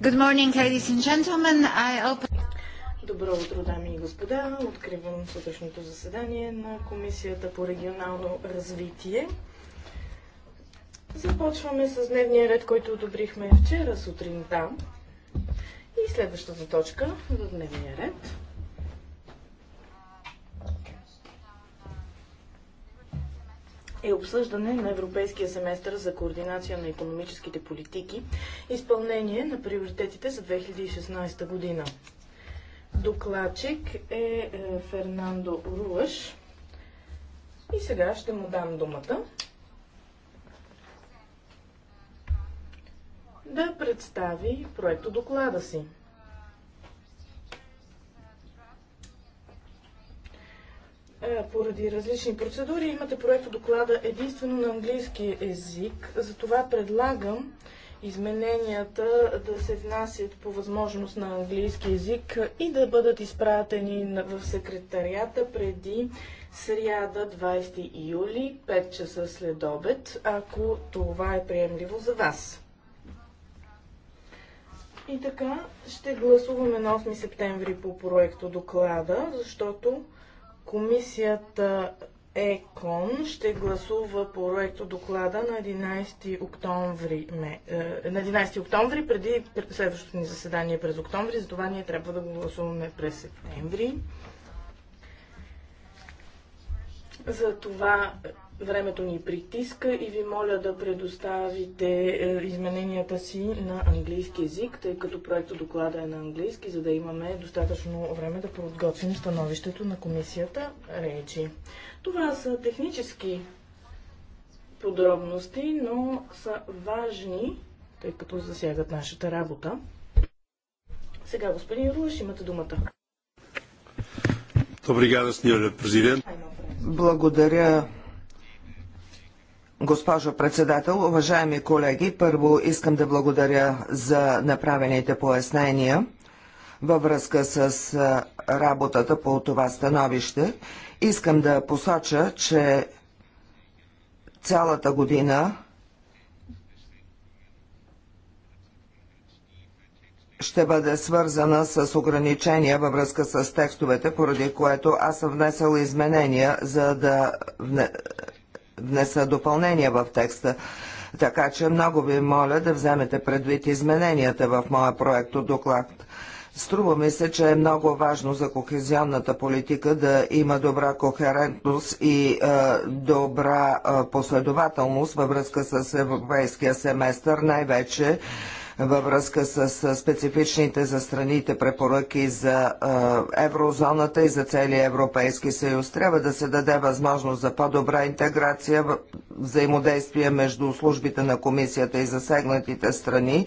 Good morning, ladies and gentlemen. I open... Добро утро, дами и господа. Откривам сутрешното заседание на Комисията по регионално развитие. Започваме с дневния ред, който одобрихме вчера сутринта. И следващата точка за дневния ред е обсъждане на Европейския семестър за координация на економическите политики, изпълнение на приоритетите за 2016 година. Докладчик е, е Фернандо Руаш. И сега ще му дам думата да представи проекто доклада си. Е, поради различни процедури. Имате проект доклада единствено на английски език, затова предлагам измененията да се внасят по възможност на английски език и да бъдат изпратени в секретарията преди сряда 20 юли, 5 часа след обед, ако това е приемливо за вас. И така, ще гласуваме на 8 септември по проекто доклада, защото Комисията ЕКОН ще гласува проекто доклада на 11 октомври, е, на 11 октомври преди следващото ни заседание през октомври, затова ние трябва да го гласуваме през септември. За това Времето ни притиска и ви моля да предоставите е, измененията си на английски язик, тъй като проектът доклада е на английски, за да имаме достатъчно време да подготвим становището на комисията речи. Това са технически подробности, но са важни, тъй като засягат нашата работа. Сега, господин Руаш, имате думата. Благодаря, Госпожо председател, уважаеми колеги, първо искам да благодаря за направените пояснения във връзка с работата по това становище. Искам да посоча, че цялата година ще бъде свързана с ограничения във връзка с текстовете, поради което аз съм внесъл изменения, за да внеса допълнения в текста. Така че много ви моля да вземете предвид измененията в моя проект от доклад. Струва ми се, че е много важно за кохезионната политика да има добра кохерентност и е, добра е, последователност във връзка с европейския семестър, най-вече във връзка с специфичните за страните препоръки за еврозоната и за целия Европейски съюз. Трябва да се даде възможност за по-добра интеграция, взаимодействие между службите на комисията и засегнатите страни.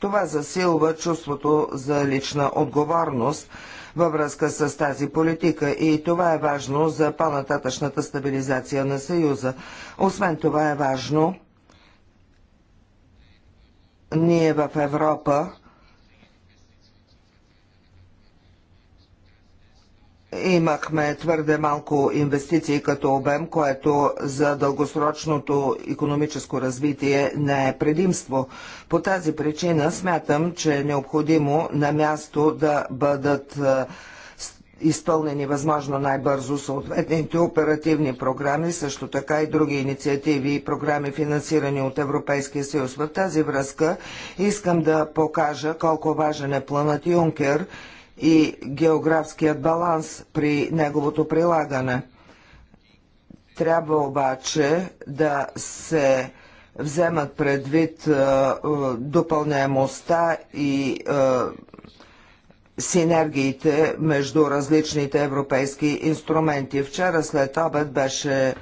Това засилва чувството за лична отговорност във връзка с тази политика и това е важно за по-нататъчната стабилизация на Съюза. Освен това е важно ние в Европа Имахме твърде малко инвестиции като обем, което за дългосрочното економическо развитие не е предимство. По тази причина смятам, че е необходимо на място да бъдат е, изпълнени възможно най-бързо съответните оперативни програми, също така и други инициативи и програми финансирани от Европейския съюз. В тази връзка искам да покажа колко важен е планът Юнкер и географският баланс при неговото прилагане. Трябва обаче да се вземат предвид е, е, допълняемостта и е, синергиите между различните европейски инструменти. Вчера след обед беше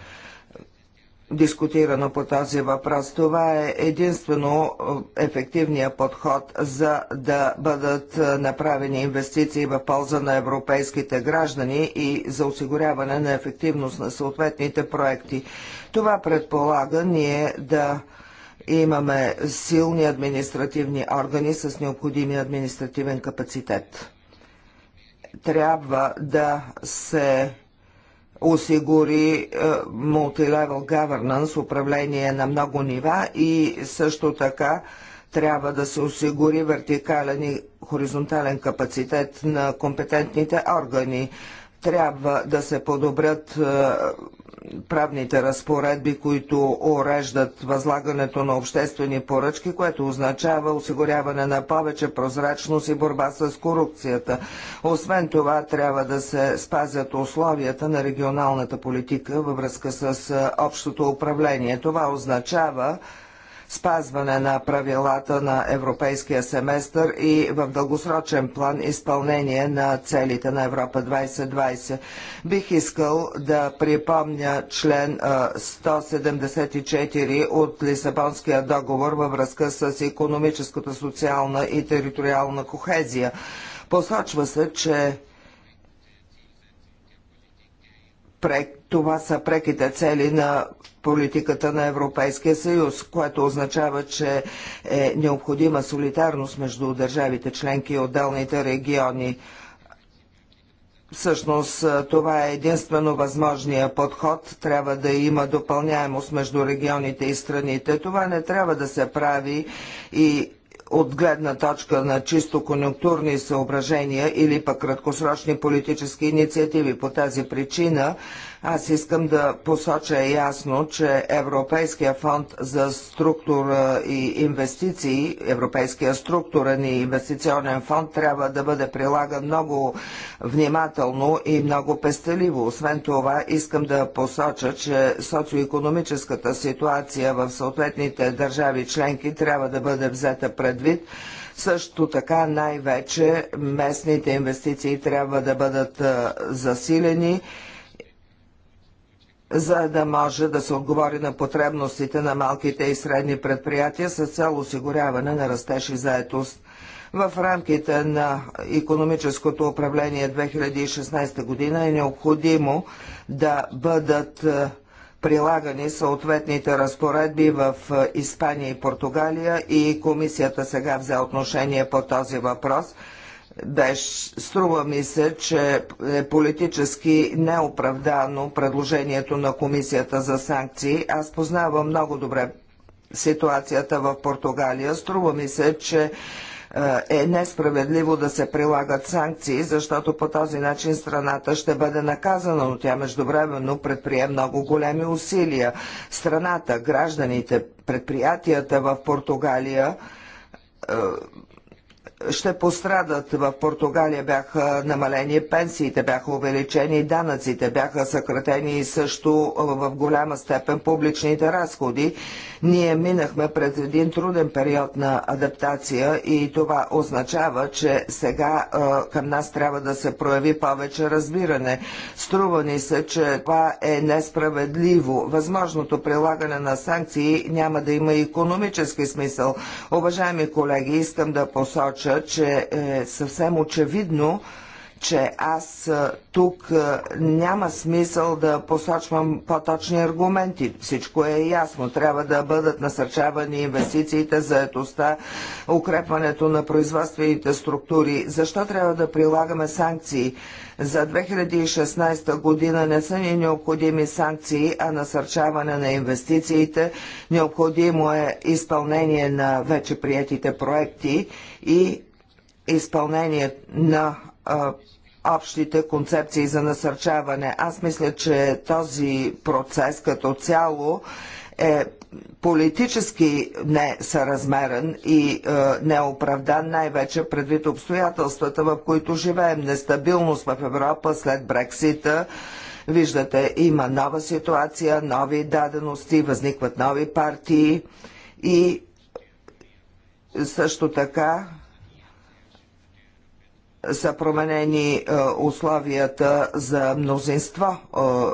дискутирано по този въпрос. Това е единствено е, ефективният подход за да бъдат е, направени инвестиции в полза на европейските граждани и за осигуряване на ефективност на съответните проекти. Това предполага ние да имаме силни административни органи с необходимия административен капацитет. Трябва да се осигури е, мултилевел governance, управление на много нива и също така трябва да се осигури вертикален и хоризонтален капацитет на компетентните органи трябва да се подобрят е, правните разпоредби, които уреждат възлагането на обществени поръчки, което означава осигуряване на повече прозрачност и борба с корупцията. Освен това, трябва да се спазят условията на регионалната политика във връзка с е, общото управление. Това означава, спазване на правилата на европейския семестър и в дългосрочен план изпълнение на целите на Европа 2020. Бих искал да припомня член 174 от Лисабонския договор във връзка с економическата, социална и териториална кохезия. Посочва се, че прек това са преките цели на политиката на Европейския съюз, което означава, че е необходима солидарност между държавите членки и отделните региони. Всъщност това е единствено възможния подход. Трябва да има допълняемост между регионите и страните. Това не трябва да се прави и от гледна точка на чисто конюнктурни съображения или пък краткосрочни политически инициативи. По тази причина аз искам да посоча ясно, че Европейския фонд за структура и инвестиции, Европейския структурен и инвестиционен фонд трябва да бъде прилаган много внимателно и много пестеливо. Освен това, искам да посоча, че социоекономическата ситуация в съответните държави членки трябва да бъде взета предвид. Също така най-вече местните инвестиции трябва да бъдат засилени за да може да се отговори на потребностите на малките и средни предприятия с цел осигуряване на растеж и заетост. В рамките на економическото управление 2016 година е необходимо да бъдат е, прилагани съответните разпоредби в е, Испания и Португалия и комисията сега взе отношение по този въпрос – беше, Струва ми се, че е политически неоправдано предложението на Комисията за санкции. Аз познавам много добре ситуацията в Португалия. Струва ми се, че е, е несправедливо да се прилагат санкции, защото по този начин страната ще бъде наказана, но тя междувременно предприе много големи усилия. Страната, гражданите, предприятията в Португалия е, ще пострадат. В Португалия бяха намалени пенсиите, бяха увеличени данъците, бяха съкратени също в голяма степен публичните разходи. Ние минахме през един труден период на адаптация и това означава, че сега към нас трябва да се прояви повече разбиране. Струва ни се, че това е несправедливо. Възможното прилагане на санкции няма да има и економически смисъл. Уважаеми колеги, искам да посоча, кажа, че е съвсем очевидно, че аз е, тук е, няма смисъл да посочвам по-точни аргументи. Всичко е ясно. Трябва да бъдат насърчавани инвестициите, заедостта, укрепването на производствените структури. Защо трябва да прилагаме санкции? За 2016 година не са ни необходими санкции, а насърчаване на инвестициите. Необходимо е изпълнение на вече приятите проекти и изпълнение на а, общите концепции за насърчаване. Аз мисля, че този процес като цяло е политически несъразмерен и е, неоправдан, най-вече предвид обстоятелствата, в които живеем. Нестабилност в Европа след Брексита. Виждате, има нова ситуация, нови дадености, възникват нови партии и също така са променени е, условията за мнозинство е,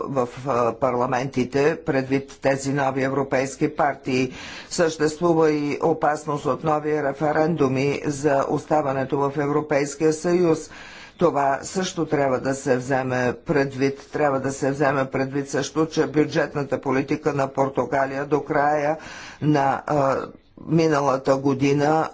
в е, парламентите предвид тези нови европейски партии. Съществува и опасност от нови референдуми за оставането в Европейския съюз. Това също трябва да се вземе предвид. Трябва да се вземе предвид също, че бюджетната политика на Португалия до края на миналата година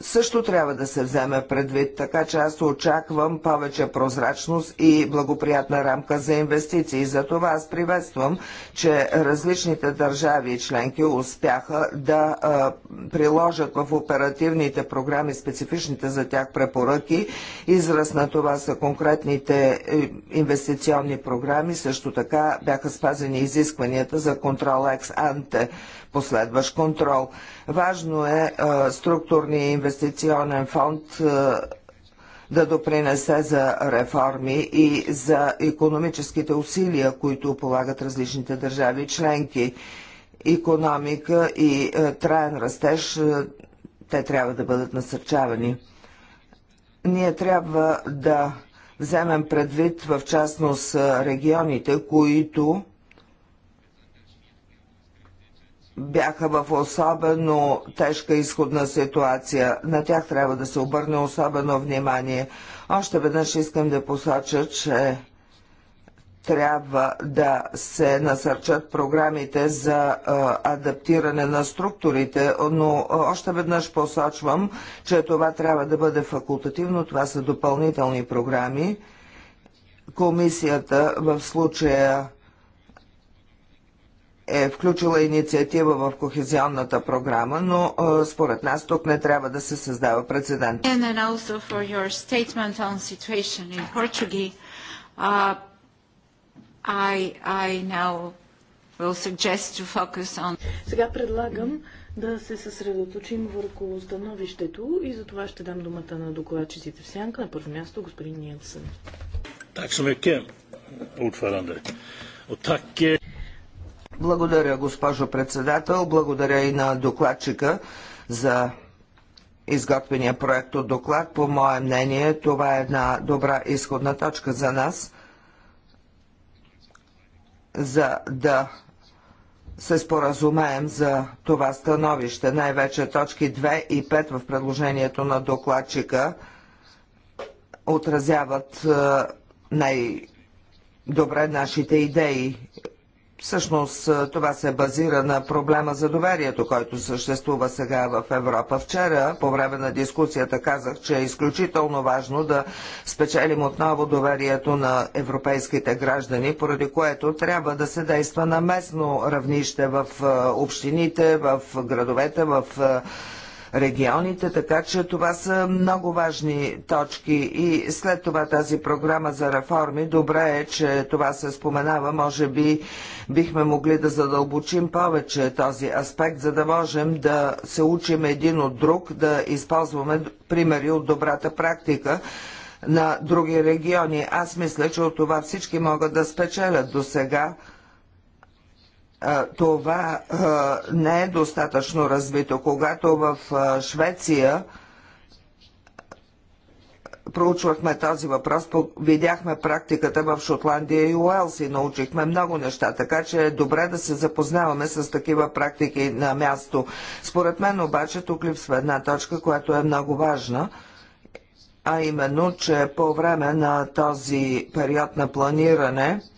също трябва да се вземе предвид, така че аз очаквам повече прозрачност и благоприятна рамка за инвестиции. За това аз приветствам, че различните държави и членки успяха да а, приложат в оперативните програми специфичните за тях препоръки. Израз на това са конкретните е, инвестиционни програми. Също така бяха спазени изискванията за контрол екс анте последващ контрол. Важно е, е структурния инвестиционен фонд е, да допринесе за реформи и за економическите усилия, които полагат различните държави членки. Економика и е, траен растеж, те трябва да бъдат насърчавани. Ние трябва да вземем предвид в частност регионите, които бяха в особено тежка изходна ситуация. На тях трябва да се обърне особено внимание. Още веднъж искам да посоча, че трябва да се насърчат програмите за адаптиране на структурите, но още веднъж посочвам, че това трябва да бъде факултативно, това са допълнителни програми. Комисията в случая е включила инициатива в кохезионната програма, но е, според нас тук не трябва да се създава прецедент. Uh, Сега предлагам да се съсредоточим върху становището и за това ще дам думата на докладчиците в сянка. На първо място господин Ниелсън. Так så mycket, ordförande. Och tack eh, благодаря, госпожо председател. Благодаря и на докладчика за изготвения проект от доклад. По мое мнение, това е една добра изходна точка за нас, за да се споразумеем за това становище, най-вече точки 2 и 5 в предложението на докладчика отразяват е, най-добре нашите идеи. Всъщност това се базира на проблема за доверието, който съществува сега в Европа. Вчера по време на дискусията казах, че е изключително важно да спечелим отново доверието на европейските граждани, поради което трябва да се действа на местно равнище в общините, в градовете, в регионите, така че това са много важни точки и след това тази програма за реформи, добре е, че това се споменава, може би бихме могли да задълбочим повече този аспект, за да можем да се учим един от друг, да използваме примери от добрата практика на други региони. Аз мисля, че от това всички могат да спечелят до сега това не е достатъчно развито. Когато в Швеция проучвахме този въпрос, видяхме практиката в Шотландия и Уелс и научихме много неща, така че е добре да се запознаваме с такива практики на място. Според мен обаче тук липсва една точка, която е много важна, а именно, че по време на този период на планиране –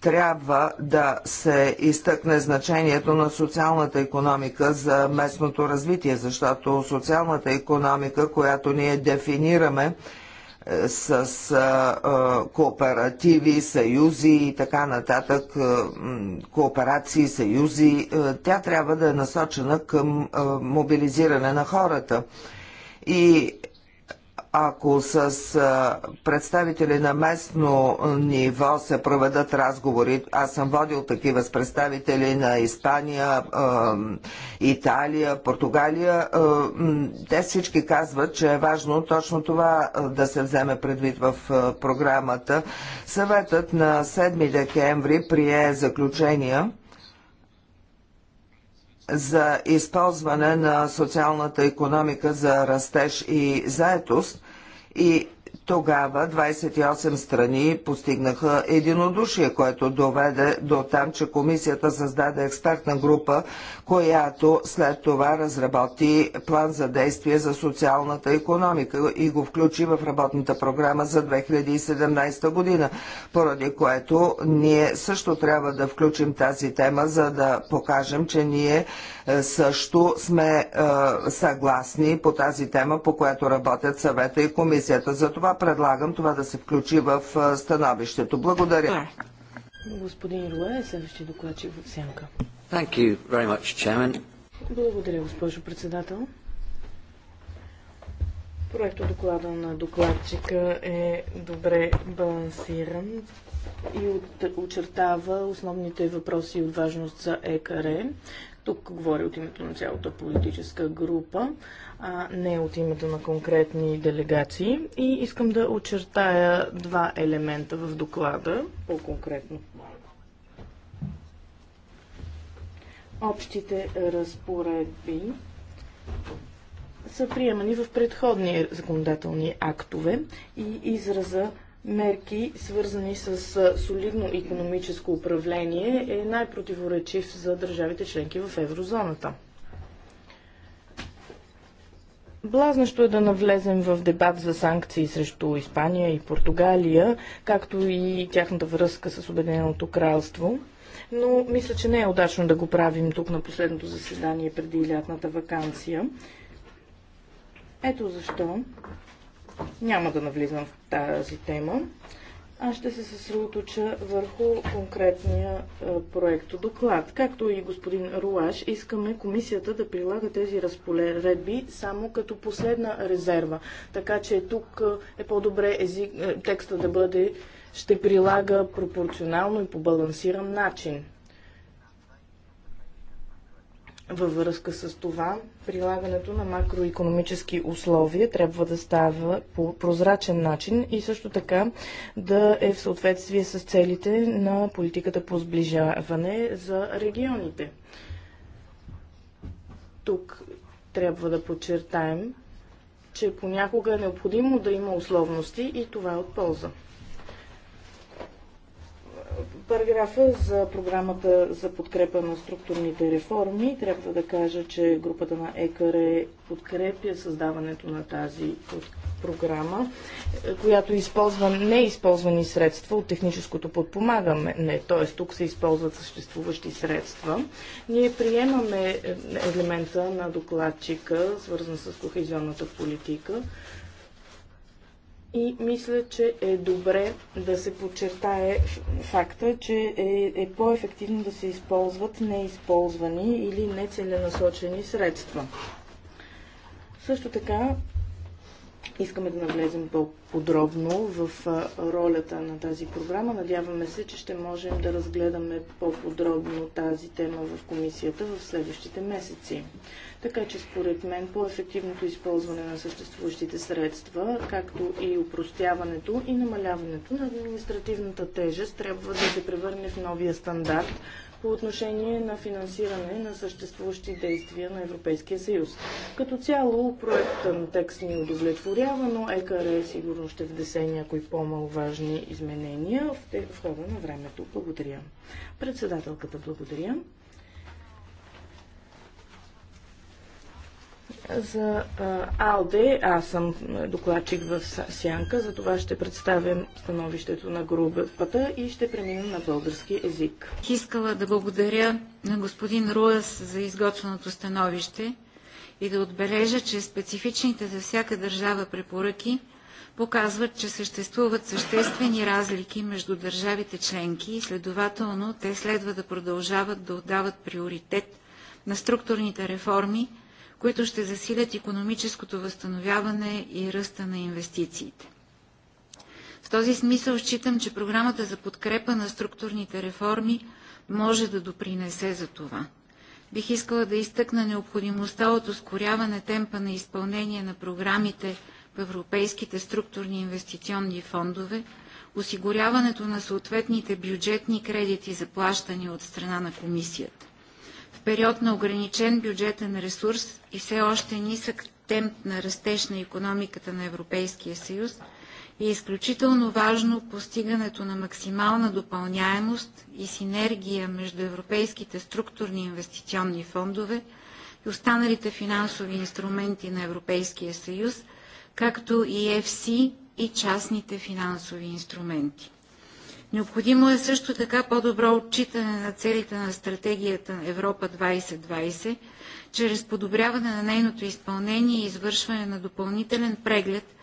трябва да се изтъкне значението на социалната економика за местното развитие, защото социалната економика, която ние дефинираме е, с е, е, кооперативи, съюзи и така нататък, кооперации, съюзи, тя трябва да е насочена към мобилизиране на хората. И ако с а, представители на местно ниво се проведат разговори, аз съм водил такива с представители на Испания, а, Италия, Португалия, а, те всички казват, че е важно точно това да се вземе предвид в а, програмата. Съветът на 7 декември прие заключения за използване на социалната економика за растеж и заетост и тогава 28 страни постигнаха единодушие, което доведе до там, че комисията създаде експертна група, която след това разработи план за действие за социалната економика и го включи в работната програма за 2017 година, поради което ние също трябва да включим тази тема, за да покажем, че ние е, също сме е, съгласни по тази тема, по която работят съвета и комисията. Затова предлагам това да се включи в е, становището. Благодаря. Господин Руе, следващи докладчик в сянка. Much, Благодаря, госпожо председател. Проектът доклада на докладчика е добре балансиран и очертава основните въпроси от важност за ЕКР, тук говоря от името на цялата политическа група, а не от името на конкретни делегации. И искам да очертая два елемента в доклада по-конкретно. Общите разпоредби са приемани в предходни законодателни актове и израза мерки, свързани с солидно економическо управление, е най-противоречив за държавите членки в еврозоната. Блазнащо е да навлезем в дебат за санкции срещу Испания и Португалия, както и тяхната връзка с Обединеното кралство. Но мисля, че не е удачно да го правим тук на последното заседание преди лятната вакансия. Ето защо няма да навлизам в тази тема. Аз ще се съсредоточа върху конкретния е, проект доклад. Както и господин Руаш, искаме комисията да прилага тези разпоредби само като последна резерва. Така че тук е, е по-добре език, е, текста да бъде ще прилага пропорционално и по балансиран начин. Във връзка с това, прилагането на макроекономически условия трябва да става по прозрачен начин и също така да е в съответствие с целите на политиката по сближаване за регионите. Тук трябва да подчертаем, че понякога е необходимо да има условности и това е от полза параграфа за програмата за подкрепа на структурните реформи, трябва да кажа, че групата на ЕКР подкрепя създаването на тази програма, която използва неизползвани средства от техническото подпомагане, т.е. тук се използват съществуващи средства. Ние приемаме е, елемента на докладчика, свързан с кохезионната политика, и мисля, че е добре да се подчертае факта, че е, е по-ефективно да се използват неизползвани или нецеленасочени средства. Също така, искаме да навлезем по-подробно в ролята на тази програма. Надяваме се, че ще можем да разгледаме по-подробно тази тема в комисията в следващите месеци. Така че според мен по-ефективното използване на съществуващите средства, както и упростяването и намаляването на административната тежест трябва да се превърне в новия стандарт по отношение на финансиране на съществуващи действия на Европейския съюз. Като цяло проектът на текст ни удовлетворява, но ЕКР сигурно ще внесе някои по-маловажни изменения в хода на времето. Благодаря. Председателката благодаря. За АЛДЕ, аз съм докладчик в Сянка, за това ще представям становището на групата и ще преминем на български език. Искала да благодаря на господин Руас за изготвеното становище и да отбележа, че специфичните за всяка държава препоръки показват, че съществуват съществени разлики между държавите членки и следователно те следва да продължават да отдават приоритет на структурните реформи – които ще засилят економическото възстановяване и ръста на инвестициите. В този смисъл считам, че програмата за подкрепа на структурните реформи може да допринесе за това. Бих искала да изтъкна необходимостта от ускоряване темпа на изпълнение на програмите в европейските структурни инвестиционни фондове, осигуряването на съответните бюджетни кредити за плащане от страна на комисията. В период на ограничен бюджетен ресурс и все още нисък темп на растеж на економиката на Европейския съюз е изключително важно постигането на максимална допълняемост и синергия между европейските структурни инвестиционни фондове и останалите финансови инструменти на Европейския съюз, както и ЕФСИ и частните финансови инструменти. Необходимо е също така по-добро отчитане на целите на стратегията Европа 2020, чрез подобряване на нейното изпълнение и извършване на допълнителен преглед,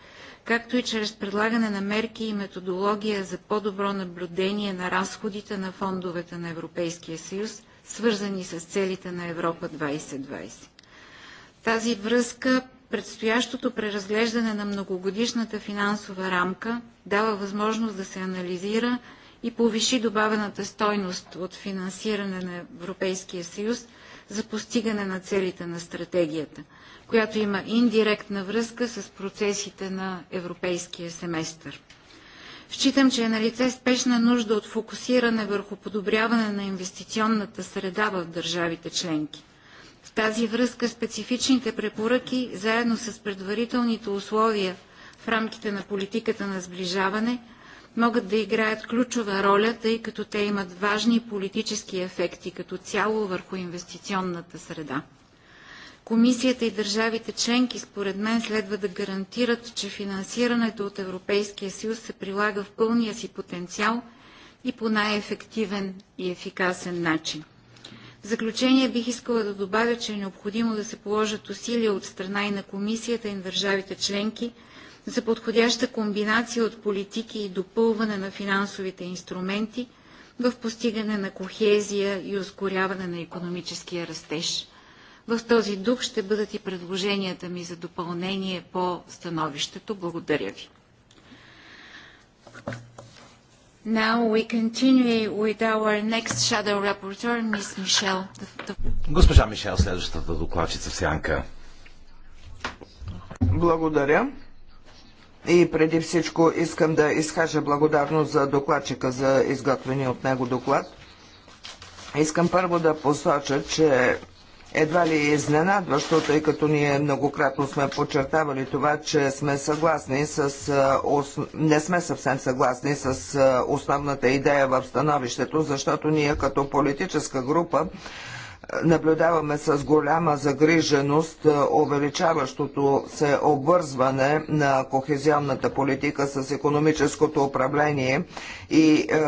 както и чрез предлагане на мерки и методология за по-добро наблюдение на разходите на фондовете на Европейския съюз, свързани с целите на Европа 2020. тази връзка предстоящото преразглеждане на многогодишната финансова рамка дава възможност да се анализира и повиши добавената стойност от финансиране на Европейския съюз за постигане на целите на стратегията, която има индиректна връзка с процесите на европейския семестър. Считам, че е на лице спешна нужда от фокусиране върху подобряване на инвестиционната среда в държавите членки. В тази връзка специфичните препоръки, заедно с предварителните условия в рамките на политиката на сближаване – могат да играят ключова роля, тъй като те имат важни политически ефекти като цяло върху инвестиционната среда. Комисията и държавите членки, според мен, следва да гарантират, че финансирането от Европейския съюз се прилага в пълния си потенциал и по най-ефективен и ефикасен начин. В заключение бих искала да добавя, че е необходимо да се положат усилия от страна и на комисията и на държавите членки – за подходяща комбинация от политики и допълване на финансовите инструменти в постигане на кохезия и ускоряване на економическия растеж. В този дух ще бъдат и предложенията ми за допълнение по становището. Благодаря ви. Now we continue with our next shadow rapporteur, Miss Michel. Госпожа Мишел, следващата докладчица в сянка. Благодаря. И преди всичко искам да изкажа благодарност за докладчика за изготвени от него доклад. Искам първо да посоча, че едва ли е изненадващо, тъй като ние многократно сме подчертавали това, че сме съгласни с... не сме съвсем съгласни с основната идея в становището, защото ние като политическа група наблюдаваме с голяма загриженост е, увеличаващото се обвързване на кохезионната политика с економическото управление и е,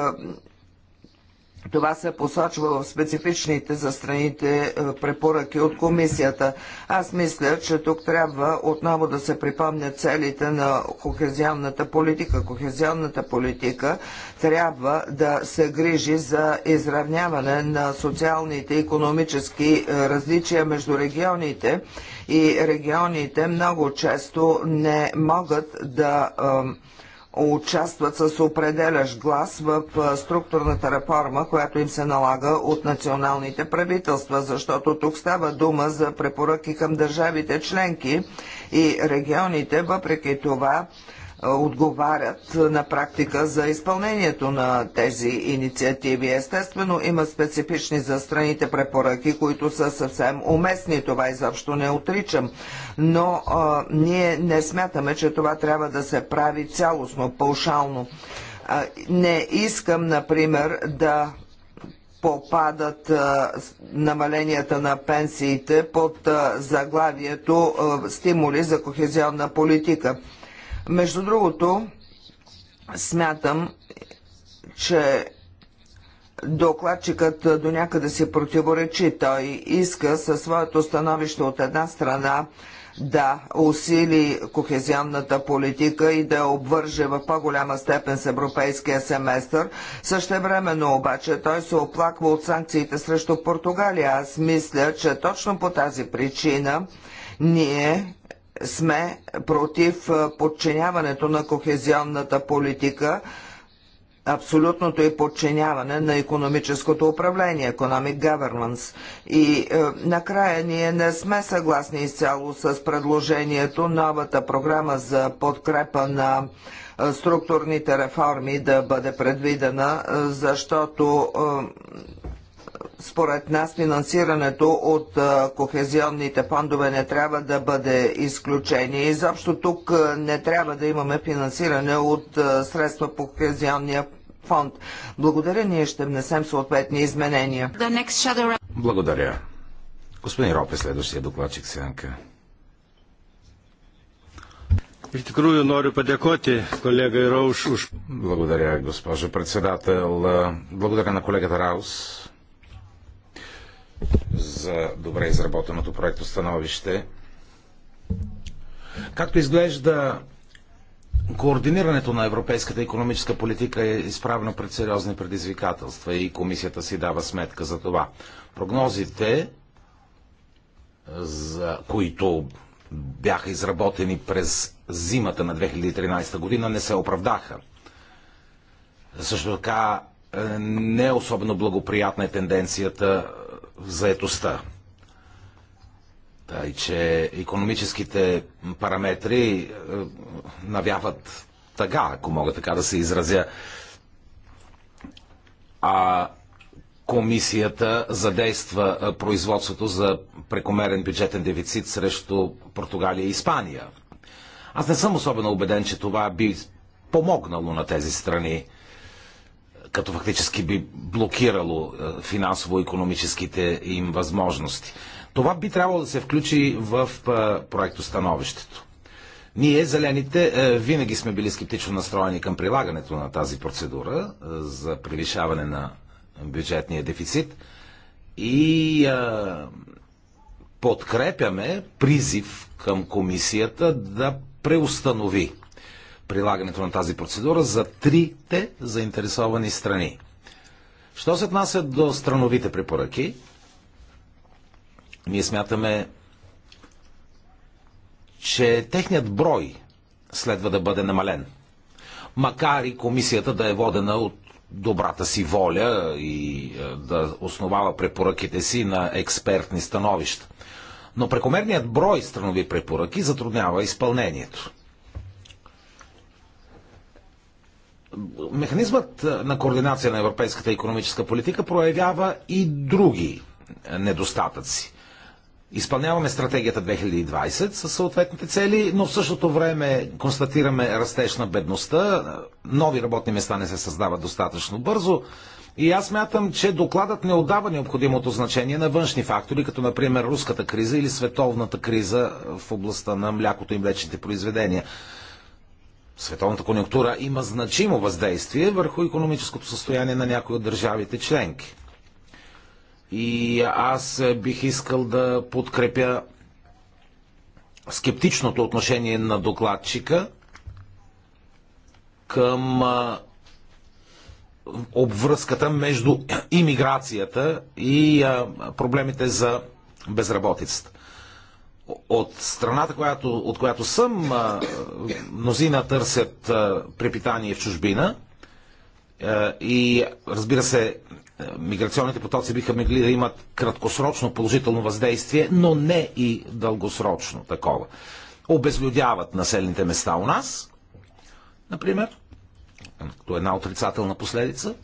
това се посочва в специфичните за страните е, препоръки от комисията. Аз мисля, че тук трябва отново да се припомнят целите на кохезионната политика. Кохезионната политика трябва да се грижи за изравняване на социалните и економически е, различия между регионите и регионите много често не могат да е, участват с определящ глас в структурната реформа, която им се налага от националните правителства, защото тук става дума за препоръки към държавите членки и регионите, въпреки това отговарят на практика за изпълнението на тези инициативи. Естествено, има специфични за страните препоръки, които са съвсем уместни. Това изобщо не отричам. Но а, ние не смятаме, че това трябва да се прави цялостно, паушално. А, не искам, например, да попадат а, намаленията на пенсиите под а, заглавието а, стимули за кохезионна политика. Между другото, смятам, че докладчикът до някъде си противоречи. Той иска със своето становище от една страна да усили кохезионната политика и да обвърже в по-голяма степен с европейския семестър. Същевременно обаче той се оплаква от санкциите срещу Португалия. Аз мисля, че точно по тази причина ние сме против подчиняването на кохезионната политика, абсолютното и подчиняване на економическото управление, Economic Governance. И е, накрая ние не сме съгласни изцяло с предложението новата програма за подкрепа на структурните реформи да бъде предвидена, защото е, според нас финансирането от кохезионните фондове не трябва да бъде изключение. Изобщо тук не трябва да имаме финансиране от средства по кохезионния фонд. Благодаря, ние ще внесем съответни изменения. Благодаря. Господин Роп е следващия докладчик Сянка. Благодаря, госпожо председател. Благодаря на колегата Раус за добре изработеното проекто становище. Както изглежда, координирането на европейската економическа политика е изправено пред сериозни предизвикателства и комисията си дава сметка за това. Прогнозите, за които бяха изработени през зимата на 2013 година, не се оправдаха. Също така е, не е особено благоприятна е тенденцията в заетостта. Тъй, че економическите параметри е, навяват тъга, ако мога така да се изразя. А комисията задейства е, производството за прекомерен бюджетен дефицит срещу Португалия и Испания. Аз не съм особено убеден, че това би помогнало на тези страни като фактически би блокирало е, финансово-економическите им възможности. Това би трябвало да се включи в е, проектостановището. Ние, зелените, е, винаги сме били скептично настроени към прилагането на тази процедура за превишаване на бюджетния дефицит и а, подкрепяме призив към комисията да преустанови прилагането на тази процедура за трите заинтересовани страни. Що се отнася до страновите препоръки, ние смятаме, че техният брой следва да бъде намален. Макар и комисията да е водена от добрата си воля и е, да основава препоръките си на експертни становища. Но прекомерният брой странови препоръки затруднява изпълнението. Механизмът на координация на европейската економическа политика проявява и други недостатъци. Изпълняваме стратегията 2020 със съответните цели, но в същото време констатираме растеж на бедността, нови работни места не се създават достатъчно бързо и аз мятам, че докладът не отдава необходимото значение на външни фактори, като например руската криза или световната криза в областта на млякото и млечните произведения световната конъюнктура има значимо въздействие върху економическото състояние на някои от държавите членки. И аз бих искал да подкрепя скептичното отношение на докладчика към обвръзката между имиграцията и проблемите за безработицата от страната, която, от която съм, мнозина търсят препитание в чужбина и разбира се, миграционните потоци биха могли да имат краткосрочно положително въздействие, но не и дългосрочно такова. Обезлюдяват населените места у нас, например, като една отрицателна последица.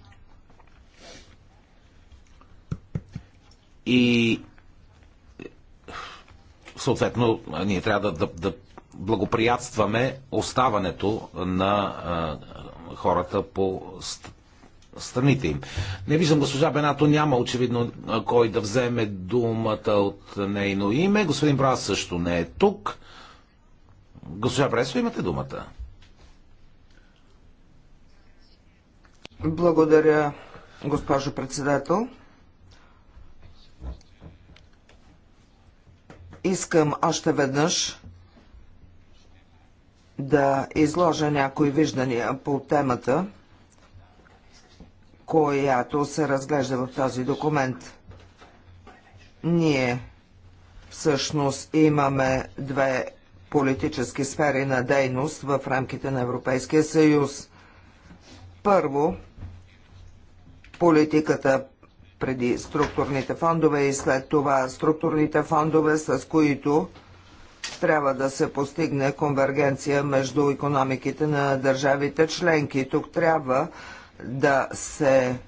И съответно, ние трябва да, да, да благоприятстваме оставането на а, хората по страните им. Не виждам госпожа Бенато, няма очевидно кой да вземе думата от нейно име. Господин Брас също не е тук. Госпожа Бресо, имате думата. Благодаря, госпожо председател. искам още веднъж да изложа някои виждания по темата, която се разглежда в този документ. Ние всъщност имаме две политически сфери на дейност в рамките на Европейския съюз. Първо, политиката преди структурните фондове и след това структурните фондове, с които трябва да се постигне конвергенция между економиките на държавите членки. Тук трябва да се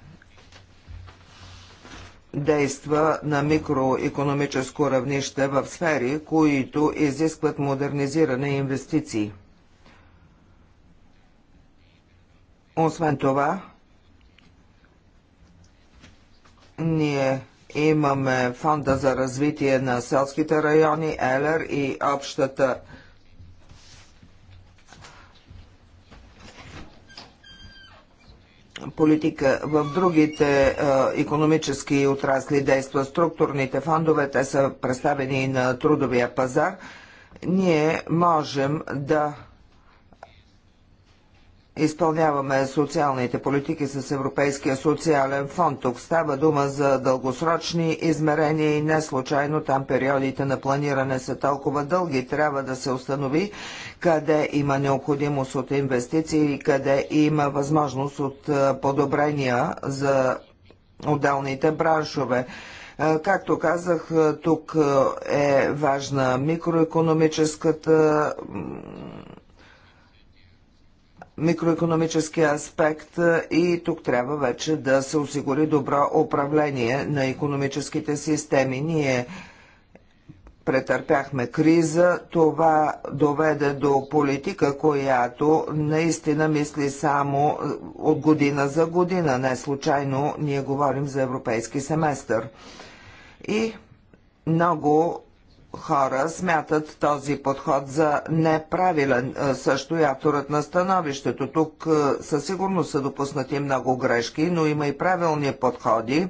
действа на микроекономическо равнище в сфери, които изискват модернизиране инвестиции. Освен това, ние имаме фонда за развитие на селските райони, ЕЛЕР и общата политика в другите е, економически отрасли действа структурните фондове, те са представени на трудовия пазар, ние можем да изпълняваме социалните политики с Европейския социален фонд. Тук става дума за дългосрочни измерения и не случайно там периодите на планиране са толкова дълги. Трябва да се установи къде има необходимост от инвестиции и къде има възможност от е, подобрения за отделните браншове. Е, както казах, е, тук е важна микроекономическата микроекономическия аспект и тук трябва вече да се осигури добро управление на економическите системи. Ние претърпяхме криза, това доведе до политика, която наистина мисли само от година за година. Не случайно ние говорим за европейски семестър. И много хора смятат този подход за неправилен. Също и авторът на становището. Тук със сигурност са допуснати много грешки, но има и правилни подходи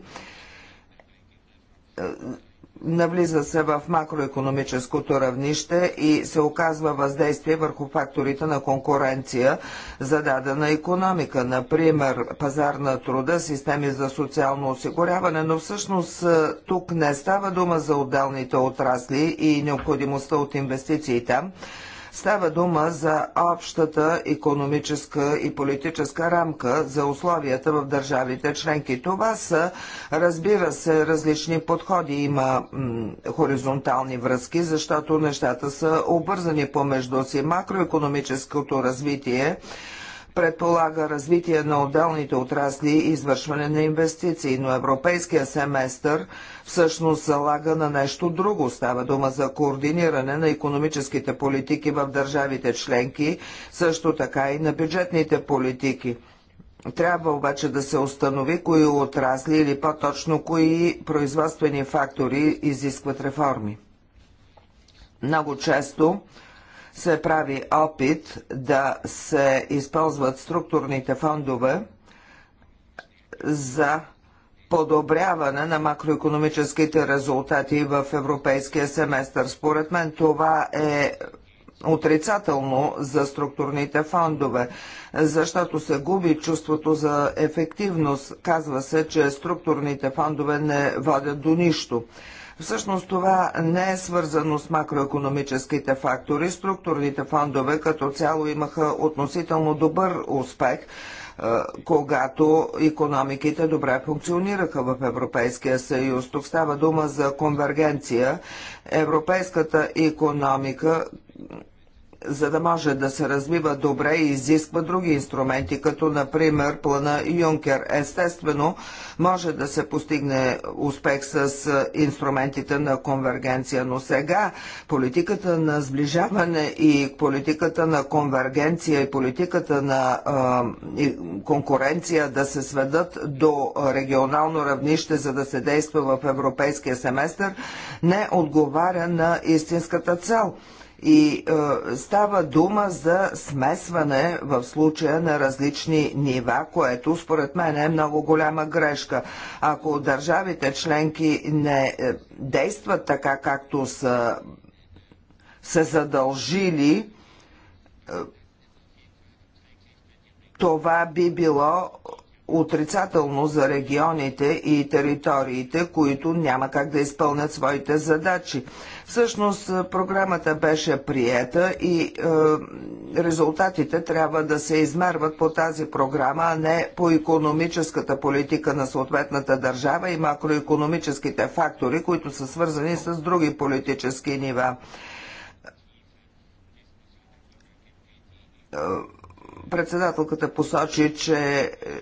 Навлиза се в макроекономическото равнище и се оказва въздействие върху факторите на конкуренция за дадена економика, например пазар на труда, системи за социално осигуряване, но всъщност е, тук не става дума за отделните отрасли и необходимостта от инвестиции там Става дума за общата економическа и политическа рамка за условията в държавите членки. Това са, разбира се, различни подходи. Има хоризонтални връзки, защото нещата са обвързани помежду си. Макроекономическото развитие предполага развитие на отделните отрасли и извършване на инвестиции, но европейския семестър всъщност залага на нещо друго. Става дума за координиране на економическите политики в държавите членки, също така и на бюджетните политики. Трябва обаче да се установи кои отрасли или по-точно кои производствени фактори изискват реформи. Много често се прави опит да се използват структурните фондове за подобряване на макроекономическите резултати в европейския семестър. Според мен това е отрицателно за структурните фондове, защото се губи чувството за ефективност. Казва се, че структурните фондове не водят до нищо. Всъщност това не е свързано с макроекономическите фактори. Структурните фондове като цяло имаха относително добър успех е, когато економиките добре функционираха в Европейския съюз. Тук става дума за конвергенция. Европейската економика за да може да се развива добре и изисква други инструменти, като например плана Юнкер. Естествено, може да се постигне успех с инструментите на конвергенция, но сега политиката на сближаване и политиката на конвергенция и политиката на а, конкуренция да се сведат до регионално равнище, за да се действа в европейския семестър, не отговаря на истинската цел. И е, става дума за смесване в случая на различни нива, което според мен е много голяма грешка. Ако държавите членки не е, действат така, както са се задължили, е, това би било отрицателно за регионите и териториите, които няма как да изпълнят своите задачи. Всъщност е, програмата беше приета и е, резултатите трябва да се измерват по тази програма, а не по економическата политика на съответната държава и макроекономическите фактори, които са свързани с други политически нива. Е, председателката посочи, че е,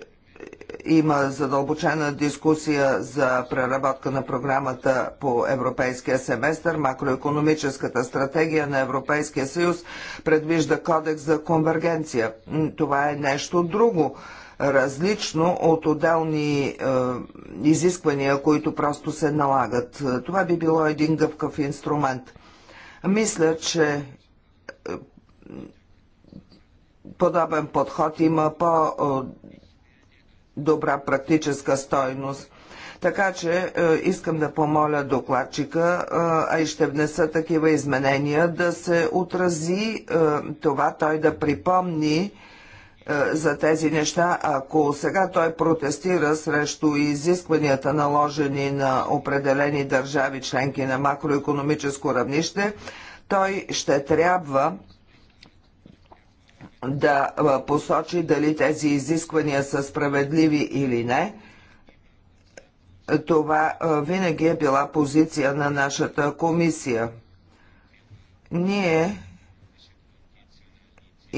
има задълбочена дискусия за преработка на програмата по европейския семестър. Макроекономическата стратегия на Европейския съюз предвижда кодекс за конвергенция. Това е нещо друго различно от отделни е, изисквания, които просто се налагат. Това би било един гъвкав инструмент. Мисля, че е, подобен подход има по добра практическа стойност. Така че е, искам да помоля докладчика, е, а и ще внеса такива изменения, да се отрази е, това, той да припомни е, за тези неща, ако сега той протестира срещу изискванията наложени на определени държави членки на макроекономическо равнище, той ще трябва да посочи дали тези изисквания са справедливи или не. Това винаги е била позиция на нашата комисия. Ние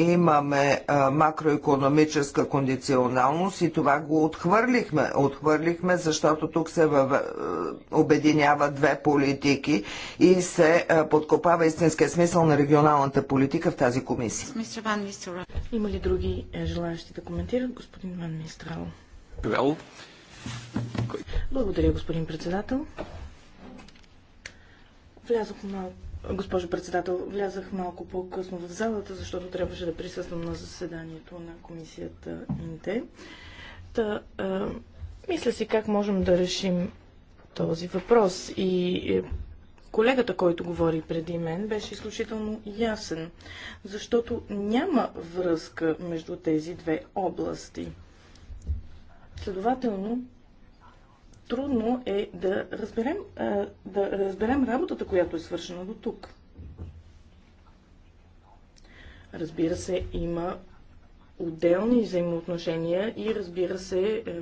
имаме макроекономическа кондиционалност и това го отхвърлихме. Отхвърлихме, защото тук се във... две политики и се подкопава истинския смисъл на регионалната политика в тази комисия. Има ли други е, желаящи да коментират? Господин Ван Мистрал. Благодаря, господин председател. Влязох малко Госпожо председател, влязах малко по-късно в залата, защото трябваше да присъствам на заседанието на комисията ИНТЕ. Та, а, мисля си как можем да решим този въпрос. И е, колегата, който говори преди мен, беше изключително ясен, защото няма връзка между тези две области. Следователно, трудно е да разберем, да разберем работата, която е свършена до тук. Разбира се, има отделни взаимоотношения и разбира се, е,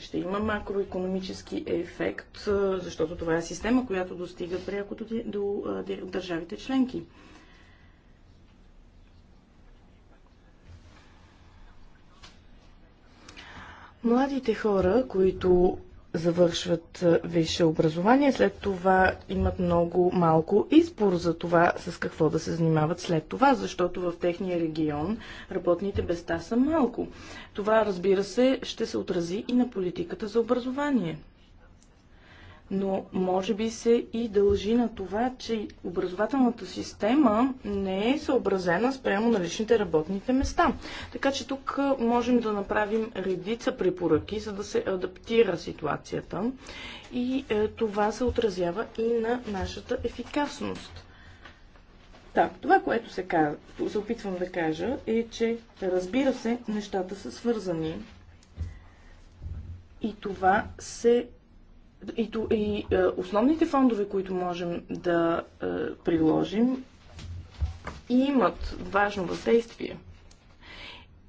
ще има макроекономически ефект, защото това е система, която достига прякото до държавите членки. Младите хора, които завършват висше образование, след това имат много малко избор за това с какво да се занимават след това, защото в техния регион работните места са малко. Това, разбира се, ще се отрази и на политиката за образование но може би се и дължи на това, че образователната система не е съобразена спрямо личните работните места. Така че тук можем да направим редица препоръки, за да се адаптира ситуацията и е, това се отразява и на нашата ефикасност. Да, това, което се, се опитвам да кажа е, че разбира се, нещата са свързани и това се и, и е, основните фондове, които можем да е, приложим, имат важно въздействие.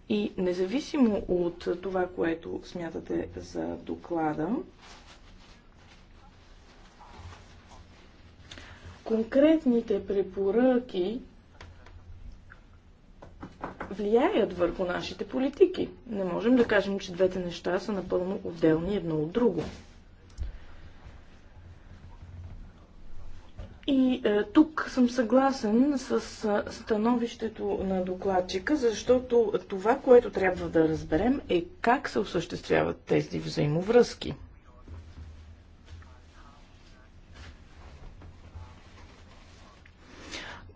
И независимо от това, което смятате за доклада, конкретните препоръки влияят върху нашите политики. Не можем да кажем, че двете неща са напълно отделни едно от друго. И е, тук съм съгласен с е, становището на докладчика, защото това, което трябва да разберем е как се осъществяват тези взаимовръзки.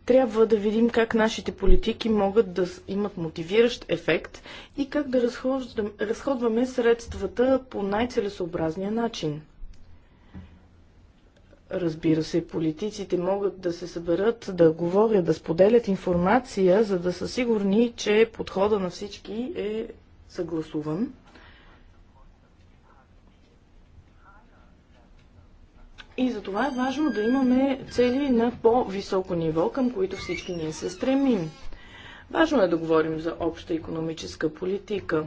трябва да видим как нашите политики могат да имат мотивиращ ефект и как да разходваме средствата по най-целесообразния начин. Разбира се, политиците могат да се съберат, да говорят, да споделят информация, за да са сигурни, че подхода на всички е съгласуван. И за това е важно да имаме цели на по-високо ниво, към които всички ние се стремим. Важно е да говорим за обща економическа политика,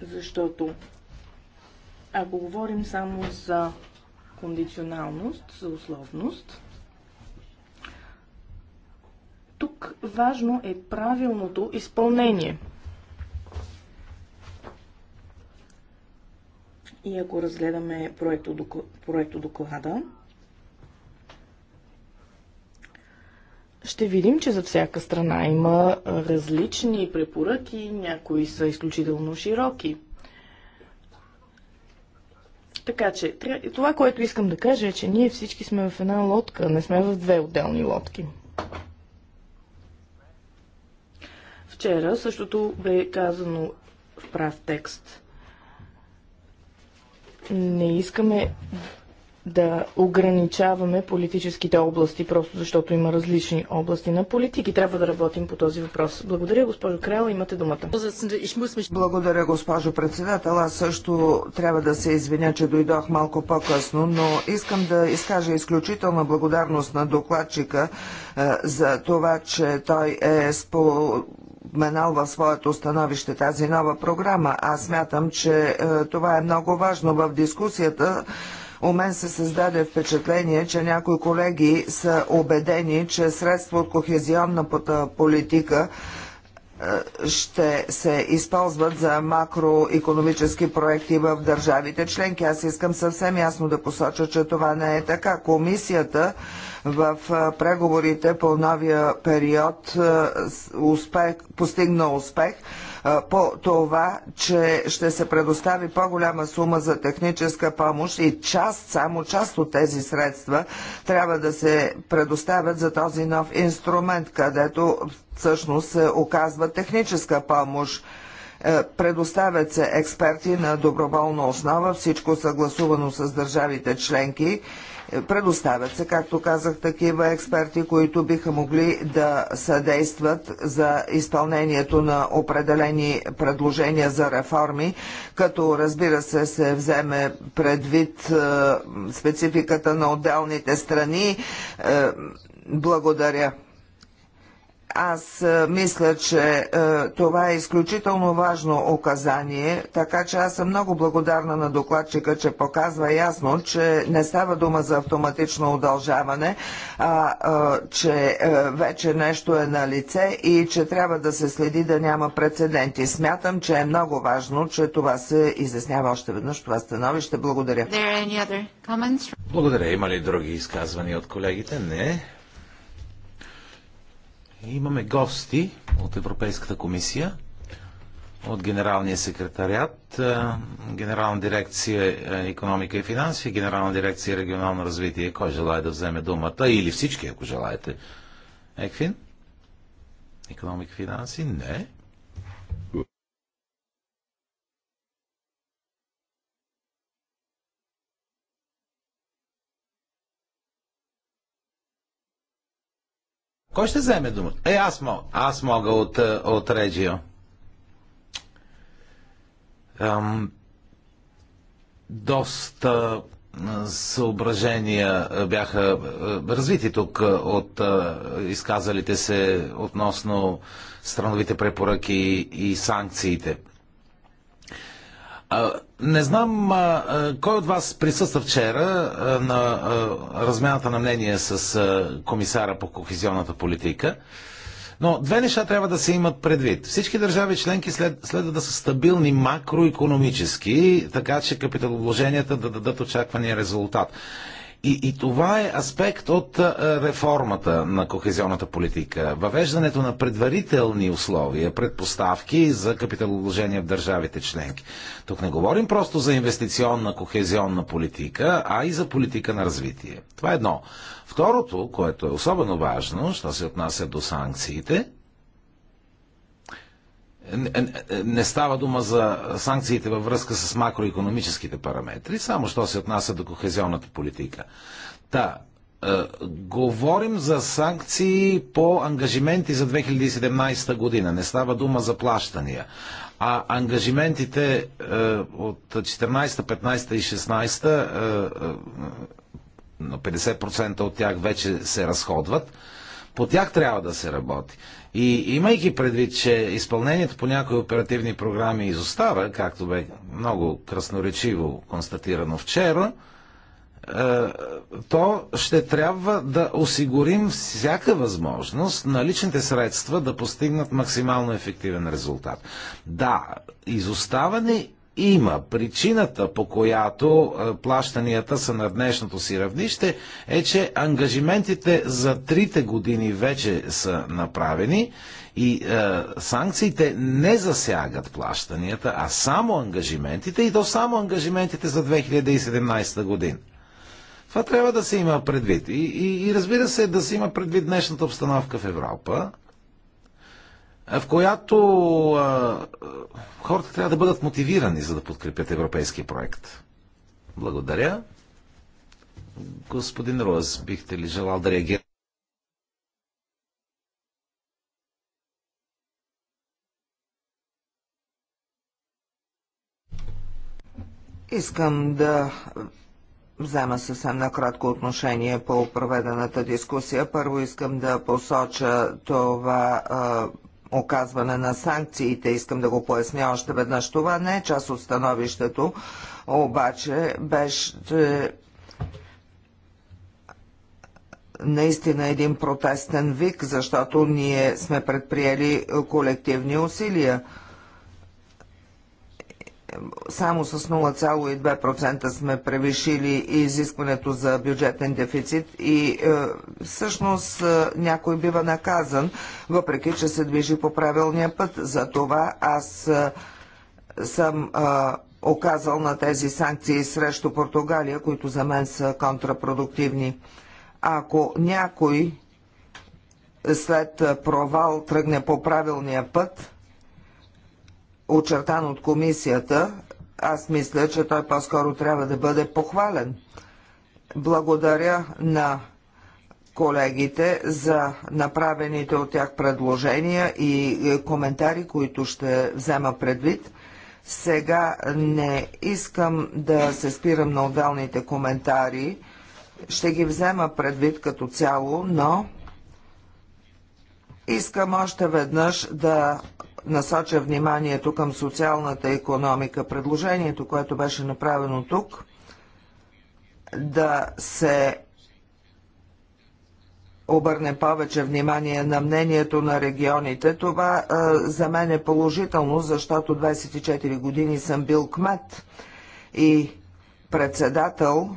защото ако говорим само за кондиционалност, за условност, тук важно е правилното изпълнение. И ако разгледаме проекто доклада, ще видим, че за всяка страна има различни препоръки, някои са изключително широки. Така че това, което искам да кажа е, че ние всички сме в една лодка, не сме в две отделни лодки. Вчера същото бе казано в прав текст. Не искаме да ограничаваме политическите области, просто защото има различни области на политики. Трябва да работим по този въпрос. Благодаря, госпожо Крал, имате думата. Благодаря, госпожо председател. Аз също трябва да се извиня, че дойдох малко по-късно, но искам да изкажа изключителна благодарност на докладчика е, за това, че той е спо споменал в своето становище тази нова програма. Аз смятам, че е, това е много важно в дискусията у мен се създаде впечатление, че някои колеги са убедени, че средства от кохезионната политика е, ще се използват за макроекономически проекти в държавите членки. Аз искам съвсем ясно да посоча, че това не е така. Комисията в е, преговорите по новия период е, успех, постигна успех по това, че ще се предостави по-голяма сума за техническа помощ и част, само част от тези средства трябва да се предоставят за този нов инструмент, където всъщност се оказва техническа помощ. Е, предоставят се експерти на доброволна основа, всичко съгласувано с държавите членки. Е, предоставят се, както казах, такива експерти, които биха могли да съдействат за изпълнението на определени предложения за реформи, като разбира се се вземе предвид е, спецификата на отделните страни. Благодаря. Аз е, мисля, че е, това е изключително важно указание, така че аз съм много благодарна на докладчика, че показва ясно, че не става дума за автоматично удължаване, а е, че вече нещо е на лице и че трябва да се следи да няма прецеденти. Смятам, че е много важно, че това се изяснява още веднъж това становище. Благодаря. Благодаря. Има ли други изказвания от колегите? Не. Имаме гости от Европейската комисия, от Генералния секретарят, е, Генерална дирекция е, економика и финанси, Генерална дирекция регионално развитие. Кой желая да вземе думата? Или всички, ако желаете. Еквин? Економика и финанси? Не. Кой ще вземе думата? Е, аз мога. Аз мога от, е, от Реджио. Ам, доста съображения е, бяха е, развити тук от изказалите се относно страновите препоръки и санкциите. Не знам кой от вас присъства вчера на размяната на мнение с комисара по кохезионната политика, но две неща трябва да се имат предвид. Всички държави членки след, следва да са стабилни макроекономически, така че капиталовложенията да дадат очаквания резултат. И, и това е аспект от е, реформата на кохезионната политика. Въвеждането на предварителни условия, предпоставки за капиталовложение в държавите членки. Тук не говорим просто за инвестиционна кохезионна политика, а и за политика на развитие. Това е едно. Второто, което е особено важно, що се отнася до санкциите – не става дума за санкциите във връзка с макроекономическите параметри, само що се отнася до кохезионната политика. Та, е, говорим за санкции по ангажименти за 2017 година. Не става дума за плащания. А ангажиментите е, от 14, 15 и 16, на е, 50% е, от тях вече се разходват. По тях трябва да се работи. И имайки предвид, че изпълнението по някои оперативни програми изостава, както бе много красноречиво констатирано вчера, е, то ще трябва да осигурим всяка възможност на личните средства да постигнат максимално ефективен резултат. Да, изоставане има. Причината, по която е, плащанията са на днешното си равнище, е, че ангажиментите за трите години вече са направени и е, санкциите не засягат плащанията, а само ангажиментите и до само ангажиментите за 2017 година. Това трябва да се има предвид. И, и, и разбира се, да се има предвид днешната обстановка в Европа в която а, хората трябва да бъдат мотивирани, за да подкрепят европейския проект. Благодаря. Господин Роз, бихте ли желал да реагирате? Искам да взема съвсем накратко отношение по проведената дискусия. Първо искам да посоча това оказване на санкциите. Искам да го поясня още веднъж. Това не е част от становището, обаче беше наистина един протестен вик, защото ние сме предприели колективни усилия само с 0,2% сме превишили изискването за бюджетен дефицит и е, всъщност е, някой бива наказан, въпреки че се движи по правилния път. За това аз е, съм е, оказал на тези санкции срещу Португалия, които за мен са контрапродуктивни. Ако някой след провал тръгне по правилния път, очертан от комисията, аз мисля, че той по-скоро трябва да бъде похвален. Благодаря на колегите за направените от тях предложения и е, коментари, които ще взема предвид. Сега не искам да се спирам на отделните коментари. Ще ги взема предвид като цяло, но искам още веднъж да насоча вниманието към социалната економика. Предложението, което беше направено тук, да се обърне повече внимание на мнението на регионите. Това а, за мен е положително, защото 24 години съм бил кмет и председател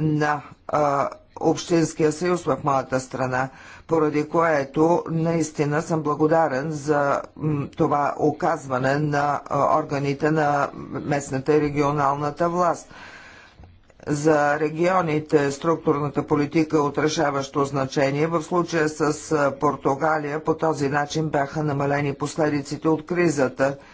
на а, Общинския съюз в моята страна, поради което наистина съм благодарен за това оказване на органите на местната и регионалната власт. За регионите структурната политика е от решаващо значение. В случая с Португалия по този начин бяха намалени последиците от кризата –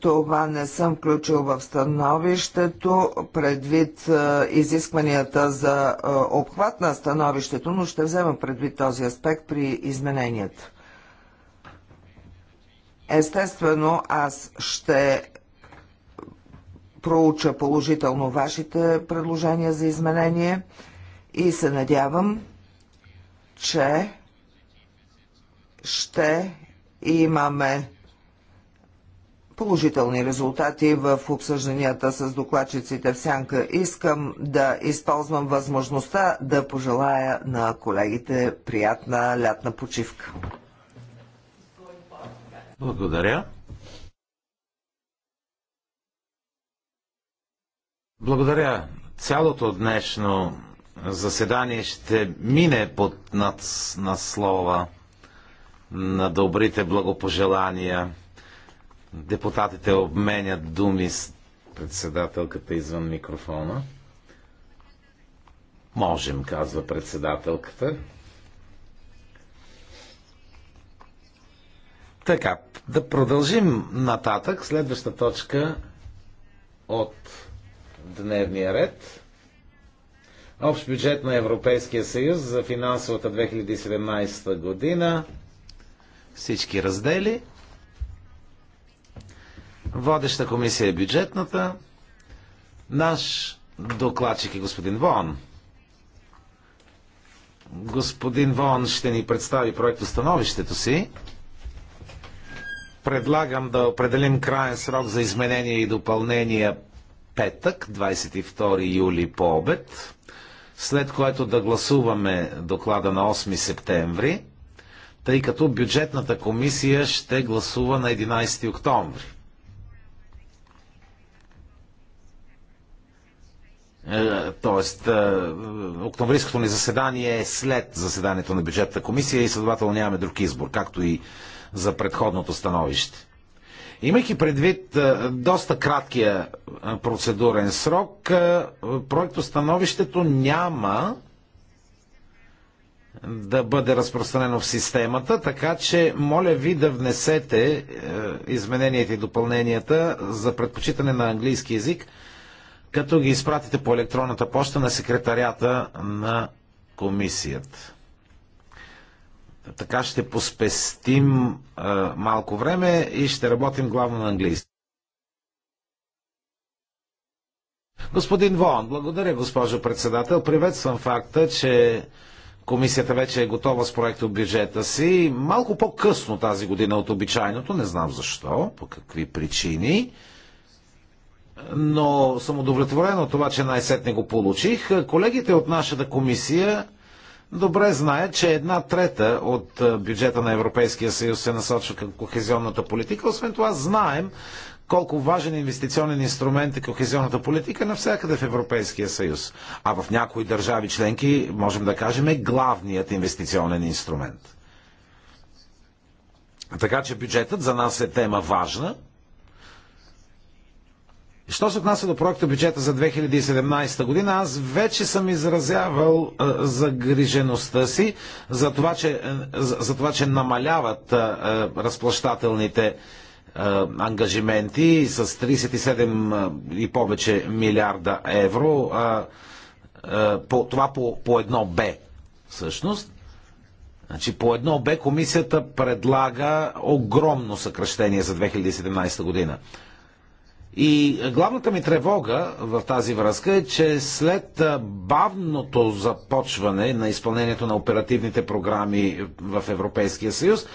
това не съм включил в становището, предвид е, изискванията за е, обхват на становището, но ще взема предвид този аспект при измененията. Естествено, аз ще проуча положително вашите предложения за изменение и се надявам, че ще имаме положителни резултати в обсъжданията с докладчиците в Сянка. Искам да използвам възможността да пожелая на колегите приятна лятна почивка. Благодаря. Благодаря. Цялото днешно заседание ще мине под над слова на добрите благопожелания. Депутатите обменят думи с председателката извън микрофона. Можем, казва председателката. Така, да продължим нататък. Следваща точка от дневния ред. Общ бюджет на Европейския съюз за финансовата 2017 година. Всички раздели. Водеща комисия е бюджетната. Наш докладчик е господин Вон. Господин Вон ще ни представи проектостановището си. Предлагам да определим крайен срок за изменение и допълнение петък, 22 юли по обед, след което да гласуваме доклада на 8 септември, тъй като бюджетната комисия ще гласува на 11 октомври. Е, тоест, е, октомврийското ни заседание е след заседанието на бюджетната комисия и следователно нямаме друг избор, както и за предходното становище. Имайки предвид е, доста краткия процедурен срок, становището няма да бъде разпространено в системата, така че моля ви да внесете измененията и допълненията за предпочитане на английски язик – като ги изпратите по електронната почта на секретарята на комисията. Така ще поспестим а, малко време и ще работим главно на английски. Господин Вон, благодаря, госпожо председател. Приветствам факта, че комисията вече е готова с от бюджета си. Малко по-късно тази година от обичайното, не знам защо, по какви причини но съм удовлетворен от това, че най-сетне го получих. Колегите от нашата комисия добре знаят, че една трета от бюджета на Европейския съюз се насочва към кохезионната политика. Освен това знаем колко важен инвестиционен инструмент е кохезионната политика навсякъде в Европейския съюз. А в някои държави членки, можем да кажем, е главният инвестиционен инструмент. Така че бюджетът за нас е тема важна Що се отнася до проекта бюджета за 2017 година, аз вече съм изразявал загрижеността си за това, че, е, за това, че намаляват а, разплащателните а, ангажименти с 37 и повече милиарда евро. А, а, по, това по, по едно Б, всъщност. Значи по едно Б комисията предлага огромно съкръщение за 2017 година. И главната ми тревога в тази връзка е, че след бавното започване на изпълнението на оперативните програми в Европейския съюз,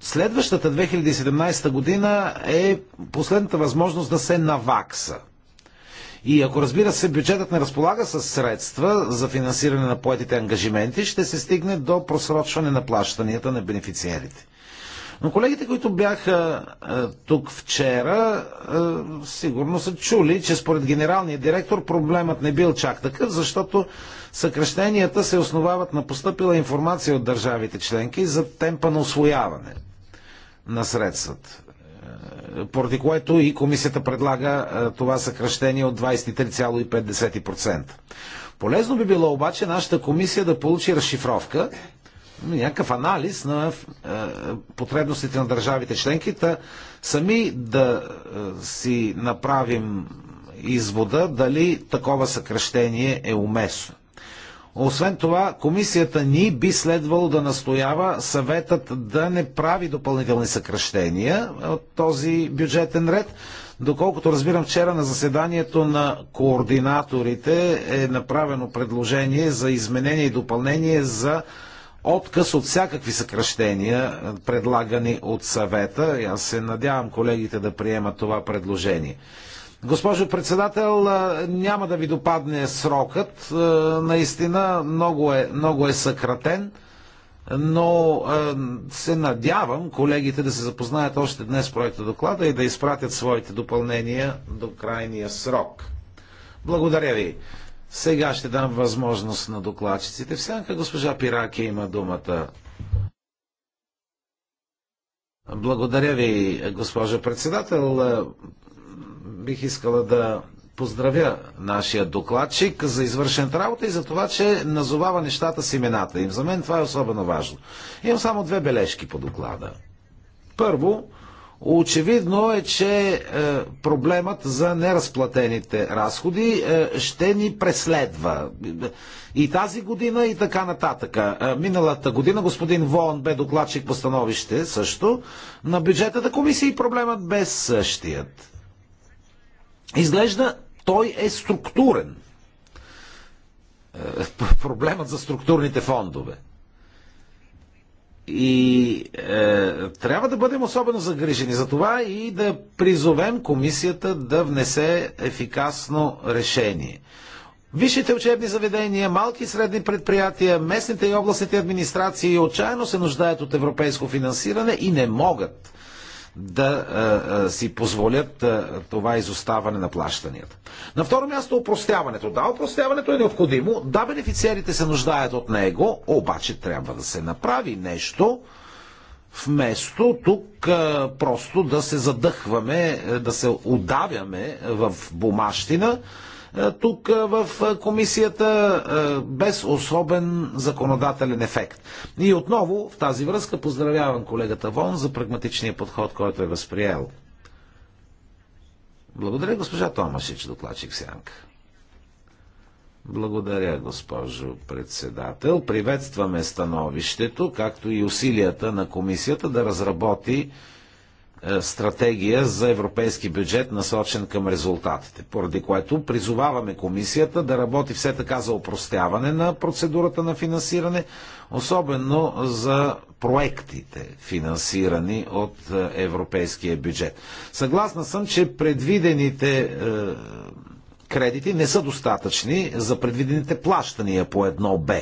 следващата 2017 година е последната възможност да се навакса. И ако разбира се бюджетът не разполага с средства за финансиране на поетите ангажименти, ще се стигне до просрочване на плащанията на бенефициерите. Но колегите, които бяха е, тук вчера, е, сигурно са чули, че според генералния директор проблемът не бил чак такъв, защото съкрещенията се основават на поступила информация от държавите членки за темпа на освояване на средствата е, поради което и комисията предлага това съкръщение от 23,5%. Полезно би било обаче нашата комисия да получи разшифровка някакъв анализ на е, потребностите на държавите членки, да сами да е, си направим извода дали такова съкръщение е уместно. Освен това, комисията ни би следвало да настоява съветът да не прави допълнителни съкръщения от този бюджетен ред. Доколкото разбирам, вчера на заседанието на координаторите е направено предложение за изменение и допълнение за отказ от всякакви съкръщения, предлагани от съвета. И аз се надявам колегите да приемат това предложение. Госпожо председател, няма да ви допадне срокът. Наистина много е, много е съкратен, но се надявам колегите да се запознаят още днес с проекта доклада и да изпратят своите допълнения до крайния срок. Благодаря ви. Сега ще дам възможност на докладчиците. Всяка госпожа Пираки има думата. Благодаря ви, госпожа председател. Бих искала да поздравя нашия докладчик за извършената работа и за това, че назовава нещата с имената им. За мен това е особено важно. Имам само две бележки по доклада. Първо, Очевидно е, че е, проблемът за неразплатените разходи е, ще ни преследва. И тази година, и така нататък. Е, миналата година господин Вон бе докладчик по становище също на бюджетната комисия и проблемът бе същият. Изглежда, той е структурен. Проблемът за структурните фондове. И е, трябва да бъдем особено загрижени за това и да призовем комисията да внесе ефикасно решение. Висшите учебни заведения, малки и средни предприятия, местните и областните администрации отчаяно се нуждаят от европейско финансиране и не могат да а, е, а, е, си позволят а, е, това изоставане на плащанията. На второ място опростяването. Да, опростяването е необходимо. Да, бенефициерите се нуждаят от него, обаче трябва да се направи нещо, вместо тук а, просто да се задъхваме, да се удавяме в бумащина, е, тук е, в е, комисията без особен законодателен ефект. И отново в тази връзка поздравявам колегата Вон за прагматичния подход, който е възприел. Благодаря госпожа Томашич, докладчик Сянка. Благодаря, госпожо председател. Приветстваме становището, както и усилията на комисията да разработи е, стратегия за европейски бюджет, насочен към резултатите. Поради което призоваваме комисията да работи все така за опростяване на процедурата на финансиране, особено за проектите, финансирани от е, европейския бюджет. Съгласна съм, че предвидените е, кредити не са достатъчни за предвидените плащания по едно Б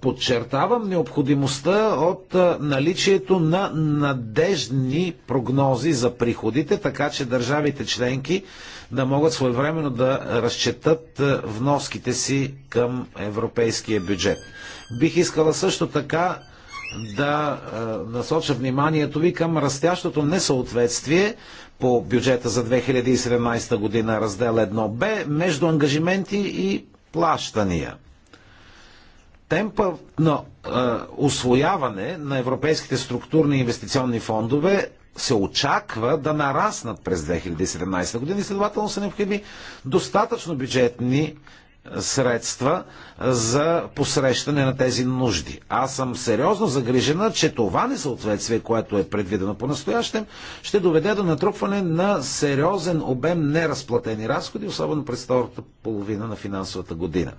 Подчертавам необходимостта от наличието на надежни прогнози за приходите, така че държавите членки да могат своевременно да разчетат вноските си към европейския бюджет. Бих искала също така да насоча вниманието ви към растящото несъответствие по бюджета за 2017 година, раздел 1б, между ангажименти и плащания темпа на е, освояване на европейските структурни и инвестиционни фондове се очаква да нараснат през 2017 година и следователно са необходими достатъчно бюджетни е, средства е, за посрещане на тези нужди. Аз съм сериозно загрижена, че това несъответствие, което е предвидено по-настоящем, ще доведе до натрупване на сериозен обем неразплатени разходи, особено през втората половина на финансовата година.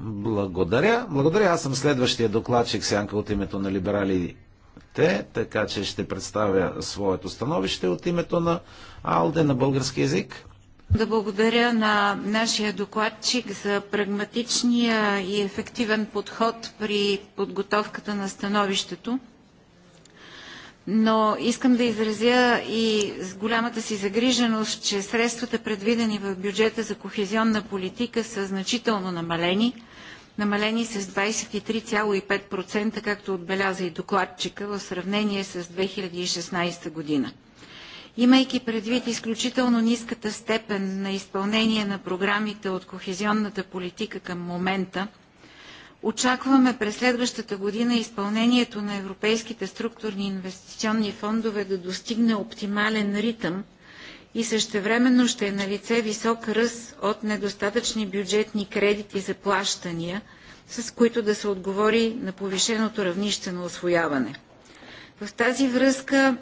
Благодаря. Благодаря. Аз съм следващия докладчик Сянка от името на либералите, така че ще представя своето становище от името на АЛДЕ на български язик. Да благодаря на нашия докладчик за прагматичния и ефективен подход при подготовката на становището но искам да изразя и с голямата си загриженост, че средствата предвидени в бюджета за кохезионна политика са значително намалени, намалени с 23,5%, както отбеляза и докладчика, в сравнение с 2016 година. Имайки предвид изключително ниската степен на изпълнение на програмите от кохезионната политика към момента, Очакваме през следващата година изпълнението на европейските структурни инвестиционни фондове да достигне оптимален ритъм и същевременно ще е на лице висок ръст от недостатъчни бюджетни кредити за плащания, с които да се отговори на повишеното равнище на освояване. В тази връзка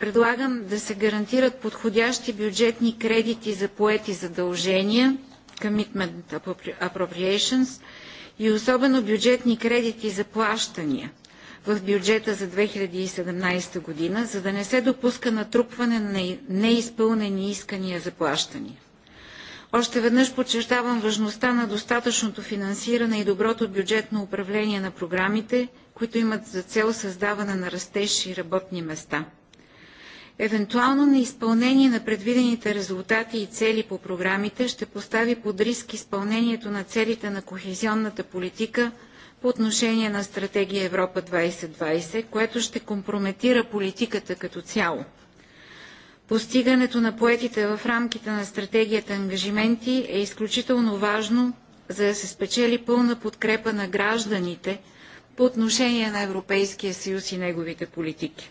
предлагам да се гарантират подходящи бюджетни кредити за поети задължения, commitment appropriations – и особено бюджетни кредити за плащания в бюджета за 2017 година, за да не се допуска натрупване на неизпълнени искания за плащания. Още веднъж подчертавам важността на достатъчното финансиране и доброто бюджетно управление на програмите, които имат за цел създаване на растеж и работни места – Евентуално неизпълнение на предвидените резултати и цели по програмите ще постави под риск изпълнението на целите на кохезионната политика по отношение на стратегия Европа 2020, което ще компрометира политиката като цяло. Постигането на поетите в рамките на стратегията ангажименти е изключително важно, за да се спечели пълна подкрепа на гражданите по отношение на Европейския съюз и неговите политики.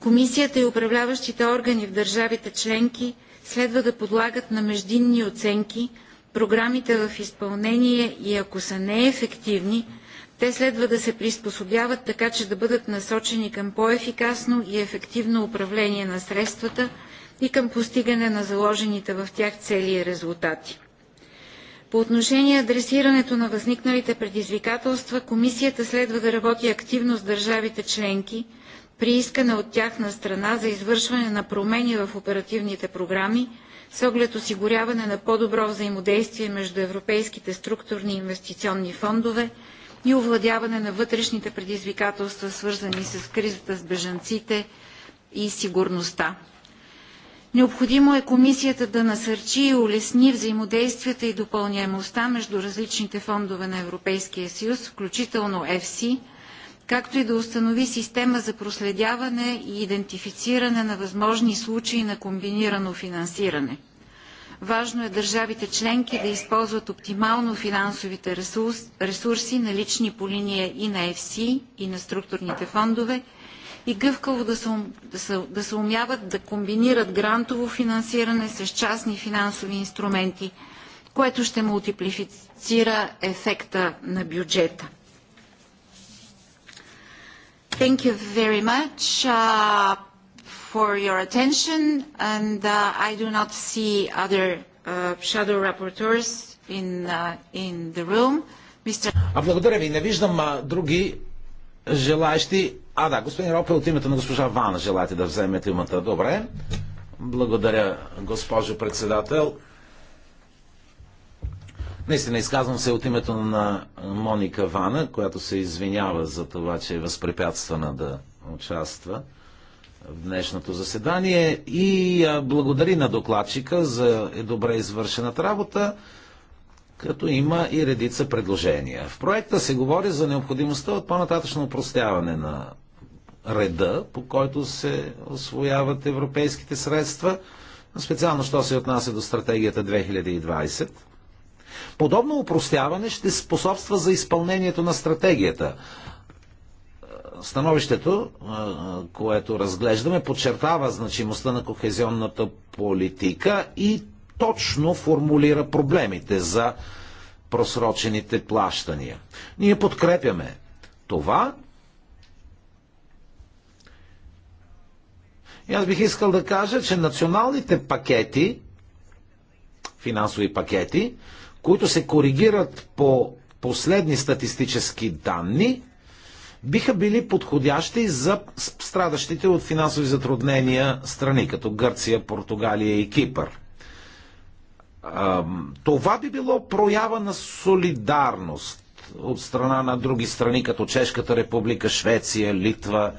Комисията и управляващите органи в държавите членки следва да подлагат на междинни оценки програмите в изпълнение и ако са неефективни, те следва да се приспособяват така, че да бъдат насочени към по-ефикасно и ефективно управление на средствата и към постигане на заложените в тях цели и резултати. По отношение адресирането на възникналите предизвикателства, Комисията следва да работи активно с държавите членки – при искане от тяхна страна за извършване на промени в оперативните програми с оглед осигуряване на по-добро взаимодействие между европейските структурни и инвестиционни фондове и овладяване на вътрешните предизвикателства, свързани с кризата с бежанците и сигурността. Необходимо е комисията да насърчи и улесни взаимодействията и допълняемостта между различните фондове на Европейския съюз, включително ЕФСИ – както и да установи система за проследяване и идентифициране на възможни случаи на комбинирано финансиране. Важно е държавите членки да използват оптимално финансовите ресурс, ресурси, лични по линия и на FC и на структурните фондове, и гъвкаво да се, да, се, да се умяват да комбинират грантово финансиране с частни финансови инструменти, което ще мултиплифицира ефекта на бюджета. Thank you very much uh, for your attention, and uh, I do not see other uh, shadow rapporteurs in, the room. благодаря ви. Не виждам други желаещи. А, да, господин Ропе, от името на госпожа Вана желаете да вземете думата. Добре. Благодаря, госпожо председател. Наистина изказвам се от името на Моника Вана, която се извинява за това, че е възпрепятствана да участва в днешното заседание и благодари на докладчика за е добре извършената работа, като има и редица предложения. В проекта се говори за необходимостта от по-нататъчно упростяване на реда, по който се освояват европейските средства, специално що се отнася до стратегията 2020 Подобно упростяване ще способства за изпълнението на стратегията. Становището, което разглеждаме, подчертава значимостта на кохезионната политика и точно формулира проблемите за просрочените плащания. Ние подкрепяме това. И аз бих искал да кажа, че националните пакети, финансови пакети, които се коригират по последни статистически данни, биха били подходящи за страдащите от финансови затруднения страни, като Гърция, Португалия и Кипър. Това би било проява на солидарност от страна на други страни, като Чешката република, Швеция, Литва,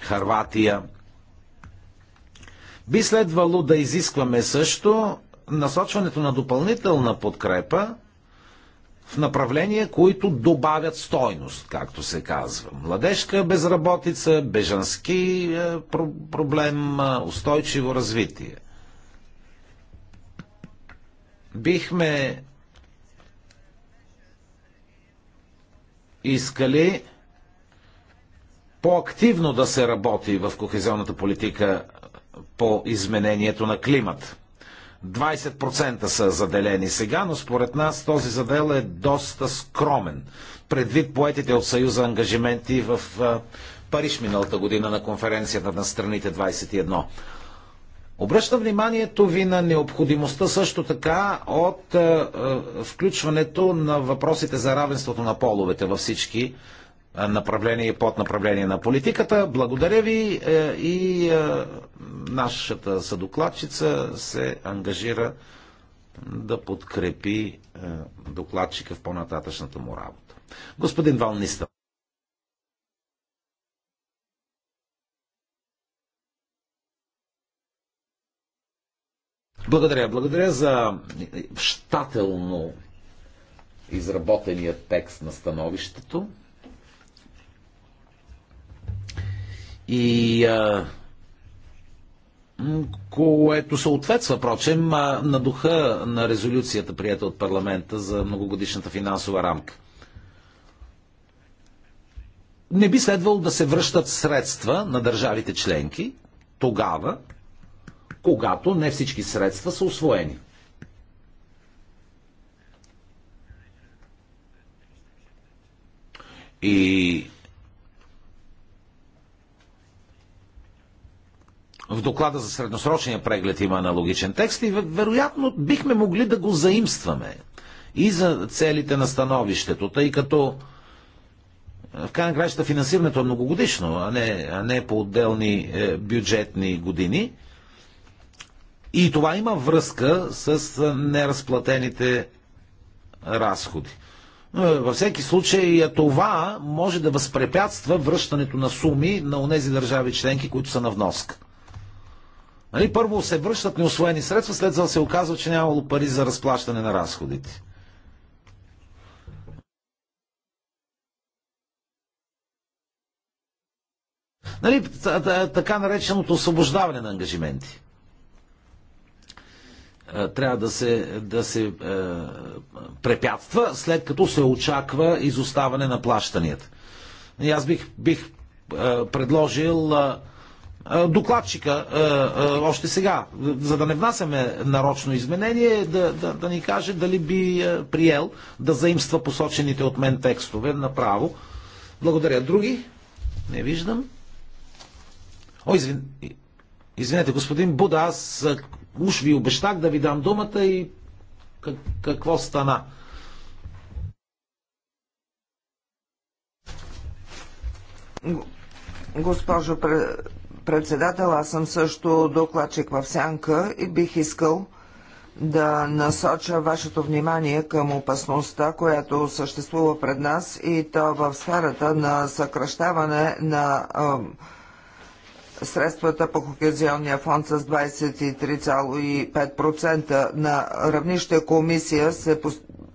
Харватия. Би следвало да изискваме също насочването на допълнителна подкрепа в направления, които добавят стойност, както се казва. Младежка безработица, бежански е, проблем, е, устойчиво развитие. Бихме искали по-активно да се работи в кохезионната политика по изменението на климата. 20% са заделени сега, но според нас този задел е доста скромен. Предвид поетите от Съюза ангажименти в Париж миналата година на конференцията на страните 21. Обръщам вниманието ви на необходимостта също така от е, е, включването на въпросите за равенството на половете във всички направление и поднаправление на политиката. Благодаря ви е, и е, нашата съдокладчица се ангажира да подкрепи е, докладчика в по-нататъчната му работа. Господин Валниста. Благодаря. Благодаря за щателно изработения текст на становището. и а, което съответства, прочем, на духа на резолюцията, прията от парламента за многогодишната финансова рамка. Не би следвало да се връщат средства на държавите членки тогава, когато не всички средства са освоени. И В доклада за средносрочния преглед има аналогичен текст и вероятно бихме могли да го заимстваме и за целите на становището, тъй като е, в крайна на краща финансирането е многогодишно, а не, а не по отделни е, бюджетни години. И това има връзка с е, неразплатените разходи. Е, във всеки случай това може да възпрепятства връщането на суми на онези държави членки, които са на вноска. Нали, първо се връщат неосвоени средства, след това се оказва, че нямало пари за разплащане на разходите. Нали, така нареченото освобождаване на ангажименти. Е, трябва да се, да се е, препятства, след като се очаква изоставане на плащанията. И аз бих, бих е, предложил. Е, докладчика още сега, за да не внасяме нарочно изменение, да, да, да ни каже дали би приел да заимства посочените от мен текстове направо. Благодаря. Други? Не виждам. О, извин... извинете, господин Буда, аз уж ви обещах да ви дам думата и как... какво стана? Госпожо председател, аз съм също докладчик в Сянка и бих искал да насоча вашето внимание към опасността, която съществува пред нас и то в сферата на съкръщаване на е, средствата по хокезионния фонд с 23,5% на равнище комисия се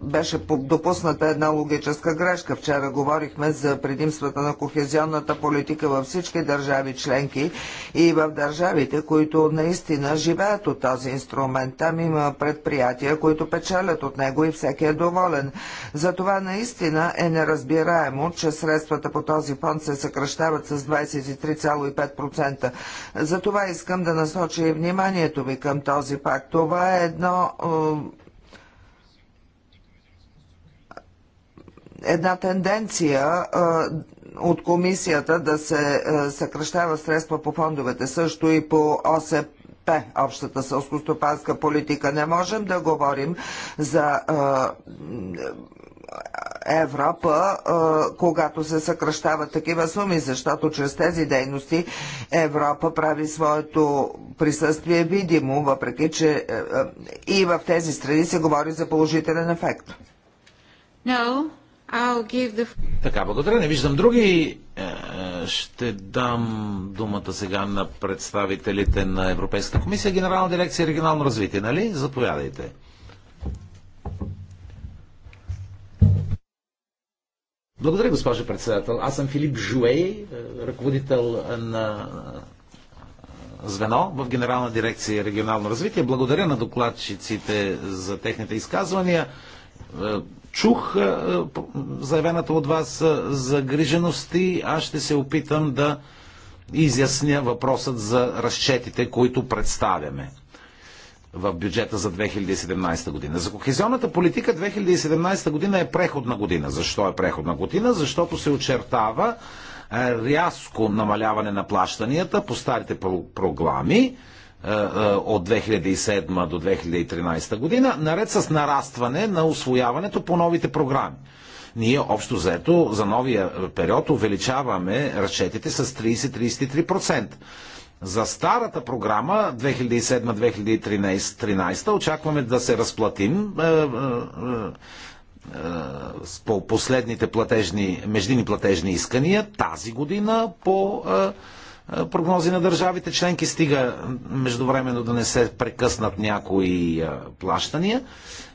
беше допусната една логическа грешка. Вчера говорихме за предимствата на кохезионната политика във всички държави членки и в държавите, които наистина живеят от този инструмент. Там има предприятия, които печалят от него и всеки е доволен. Затова наистина е неразбираемо, че средствата по този фонд се съкръщават с 23,5%. Затова искам да насоча и вниманието ви към този факт. Това е едно е, една тенденция от комисията да се съкръщава средства по фондовете, също и по ОСП П, общата сълскостопанска политика. Не можем да говорим за Европа, когато се съкръщават такива суми, защото чрез тези дейности Европа прави своето присъствие видимо, въпреки че и в тези страни се говори за положителен ефект. No, така, благодаря. Не виждам други. Е, е, ще дам думата сега на представителите на Европейската комисия, Генерална дирекция регионално развитие, нали? Заповядайте. Благодаря, госпожа председател. Аз съм Филип Жуей, е, ръководител на звено в Генерална дирекция регионално развитие. Благодаря на докладчиците за техните изказвания. Е, чух е, заявената от вас е, загриженост и аз ще се опитам да изясня въпросът за разчетите, които представяме в бюджета за 2017 година. За кохезионната политика 2017 година е преходна година. Защо е преходна година? Защото се очертава рязко намаляване на плащанията по старите програми е, е, от 2007 до 2013 година, наред с нарастване на освояването по новите програми. Ние общо заето за новия период увеличаваме разчетите с 30-33%. За старата програма 2007-2013 очакваме да се разплатим е, по последните платежни, междинни платежни искания тази година по прогнози на държавите членки, стига междувременно да не се прекъснат някои плащания.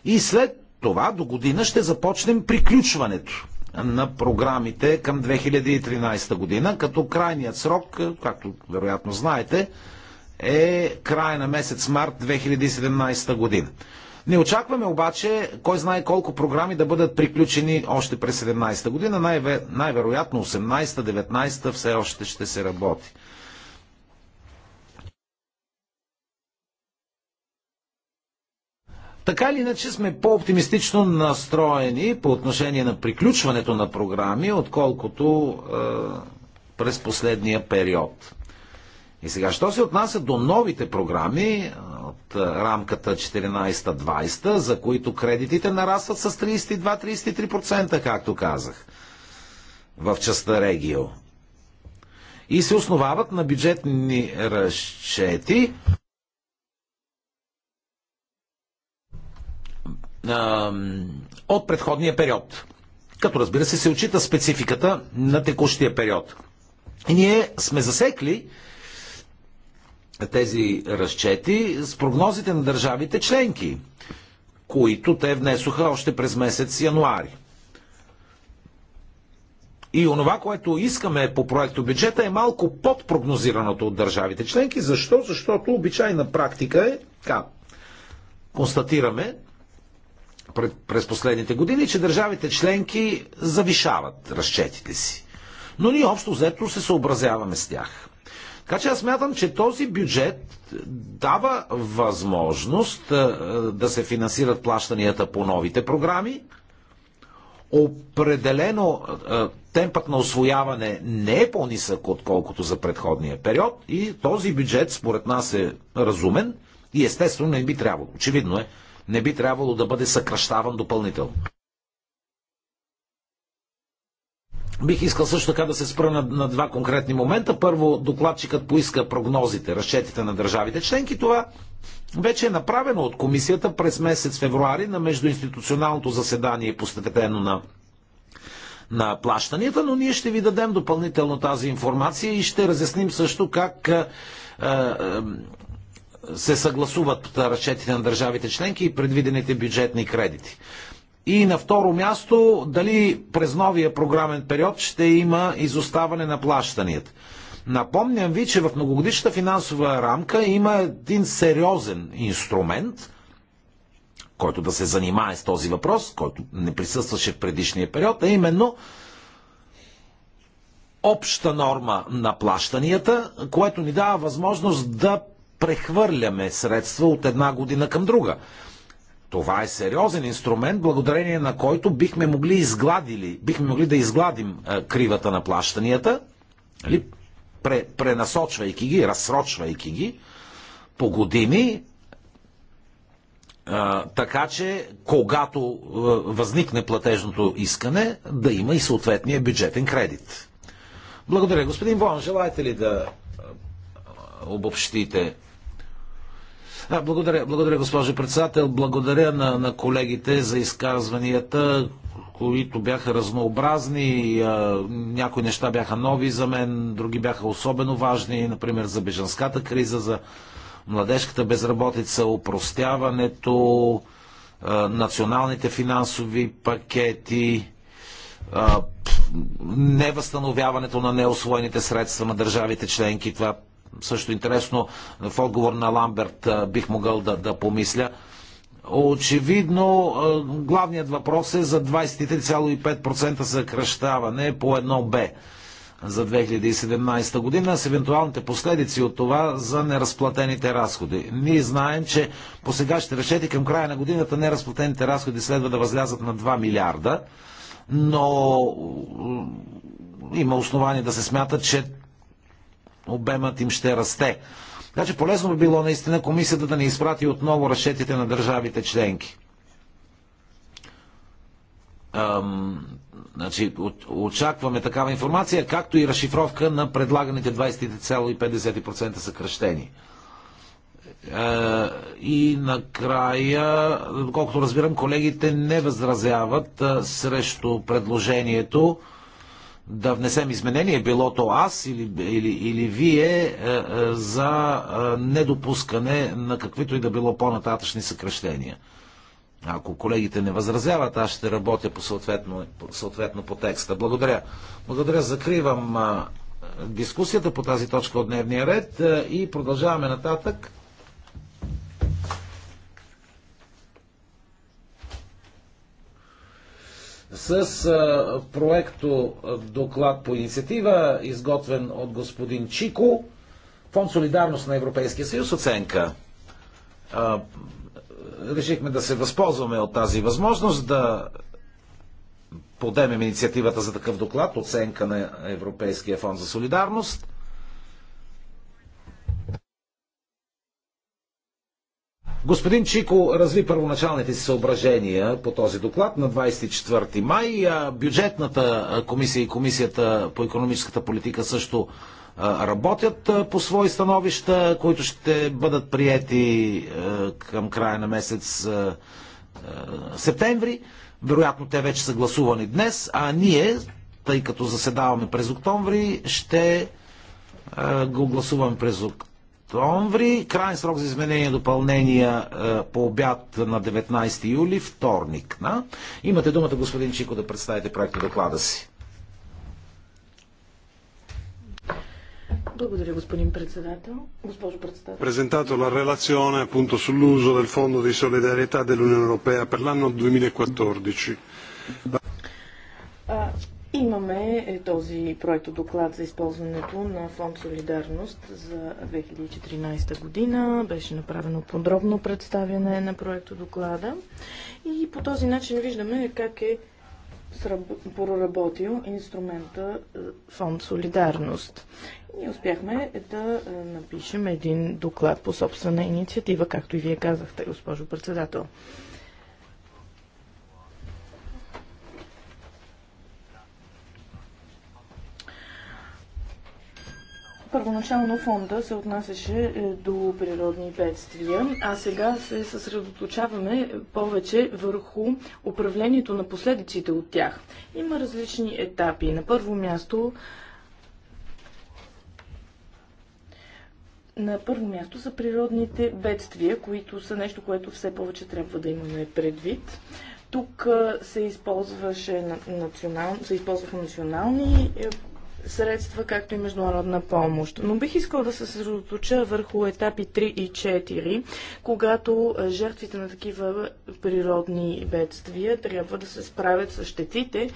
И след това до година ще започнем приключването на програмите към 2013 година, като крайният срок, както вероятно знаете, е края на месец март 2017 година. Не очакваме обаче, кой знае колко програми да бъдат приключени още през 2017 година, най-вероятно най вероятно 18 19-та все още ще се работи. Така или иначе сме по-оптимистично настроени по отношение на приключването на програми, отколкото е, през последния период. И сега, що се отнася до новите програми е, от е, рамката 14-20, за които кредитите нарастват с 32-33%, както казах, в частта регио. И се основават на бюджетни разчети, от предходния период. Като разбира се, се очита спецификата на текущия период. И ние сме засекли тези разчети с прогнозите на държавите членки, които те внесоха още през месец януари. И онова, което искаме по проекто бюджета е малко под прогнозираното от държавите членки. Защо? Защото обичайна практика е така. Констатираме, през последните години, че държавите членки завишават разчетите си. Но ние общо взето се съобразяваме с тях. Така че аз мятам, че този бюджет дава възможност да се финансират плащанията по новите програми. Определено темпът на освояване не е по-нисък, отколкото за предходния период и този бюджет според нас е разумен и естествено не би трябвало. Очевидно е, не би трябвало да бъде съкръщаван допълнително. Бих искал също така да се спра на, на два конкретни момента. Първо, докладчикът поиска прогнозите, разчетите на държавите членки. Това вече е направено от комисията през месец февруари на междуинституционалното заседание, посветено на на плащанията, но ние ще ви дадем допълнително тази информация и ще разясним също как е, е, се съгласуват разчетите на държавите членки и предвидените бюджетни кредити. И на второ място, дали през новия програмен период ще има изоставане на плащанията. Напомням ви, че в многогодишната финансова рамка има един сериозен инструмент, който да се занимае с този въпрос, който не присъстваше в предишния период, а именно обща норма на плащанията, което ни дава възможност да прехвърляме средства от една година към друга. Това е сериозен инструмент, благодарение на който бихме могли изгладили, бихме могли да изгладим е, кривата на плащанията, или пре, пренасочвайки ги, разсрочвайки ги по години, е, така че, когато е, възникне платежното искане, да има и съответния бюджетен кредит. Благодаря. Господин Вон, желаете ли да е, обобщите благодаря, благодаря, госпожо председател. Благодаря на, на колегите за изказванията, които бяха разнообразни. Някои неща бяха нови за мен, други бяха особено важни, например за бежанската криза, за младежката безработица, упростяването, националните финансови пакети, невъзстановяването на неосвоените средства на държавите членки. Това също интересно, в отговор на Ламберт бих могъл да, да помисля. Очевидно, главният въпрос е за 23,5% съкръщаване по 1Б за 2017 година с евентуалните последици от това за неразплатените разходи. Ние знаем, че по сега ще решете към края на годината неразплатените разходи следва да възлязат на 2 милиарда, но има основание да се смята, че обемът им ще расте. Така значи, че полезно би било наистина комисията да ни изпрати отново разчетите на държавите членки. Ам, значи, очакваме такава информация, както и разшифровка на предлаганите 20,50% съкръщени. Е, и накрая, доколкото разбирам, колегите не възразяват срещу предложението да внесем изменение, било то аз или, или, или вие, е, е, за е, недопускане на каквито и да било по-нататъчни съкрещения. Ако колегите не възразяват, аз ще работя по съответно, съответно по текста. Благодаря. Благодаря. Закривам дискусията по тази точка от дневния ред и продължаваме нататък. с а, проекто доклад по инициатива, изготвен от господин Чико, Фонд Солидарност на Европейския съюз, оценка. А, решихме да се възползваме от тази възможност да подемем инициативата за такъв доклад, оценка на Европейския фонд за солидарност. Господин Чико разви първоначалните си съображения по този доклад на 24 май. Бюджетната комисия и комисията по економическата политика също работят по свои становища, които ще бъдат приети към края на месец септември. Вероятно те вече са гласувани днес, а ние, тъй като заседаваме през октомври, ще го гласуваме през октомври октомври. Крайен срок за изменение и допълнения е, по обяд на 19 юли, вторник. На. Имате думата, господин Чико, да представите проекта доклада си. Благодаря, господин председател. Госпожо председател. Презентато la relazione appunto сул'узо del Fondo di solidarietà dell'Unione Europea per l'anno 2014. Имаме е, този проект доклад за използването на фонд Солидарност за 2014 година. Беше направено подробно представяне на проекто доклада и по този начин виждаме как е проработил инструмента е, фонд Солидарност. Ние успяхме да е, напишем един доклад по собствена инициатива, както и вие казахте, госпожо председател. Първоначално фонда се отнасяше е, до природни бедствия, а сега се съсредоточаваме повече върху управлението на последиците от тях. Има различни етапи. На първо място На първо място са природните бедствия, които са нещо, което все повече трябва да имаме предвид. Тук е, се, използваше национал... се използваха национални е, средства, както и международна помощ. Но бих искал да се съсредоточа върху етапи 3 и 4, когато жертвите на такива природни бедствия трябва да се справят с щетите,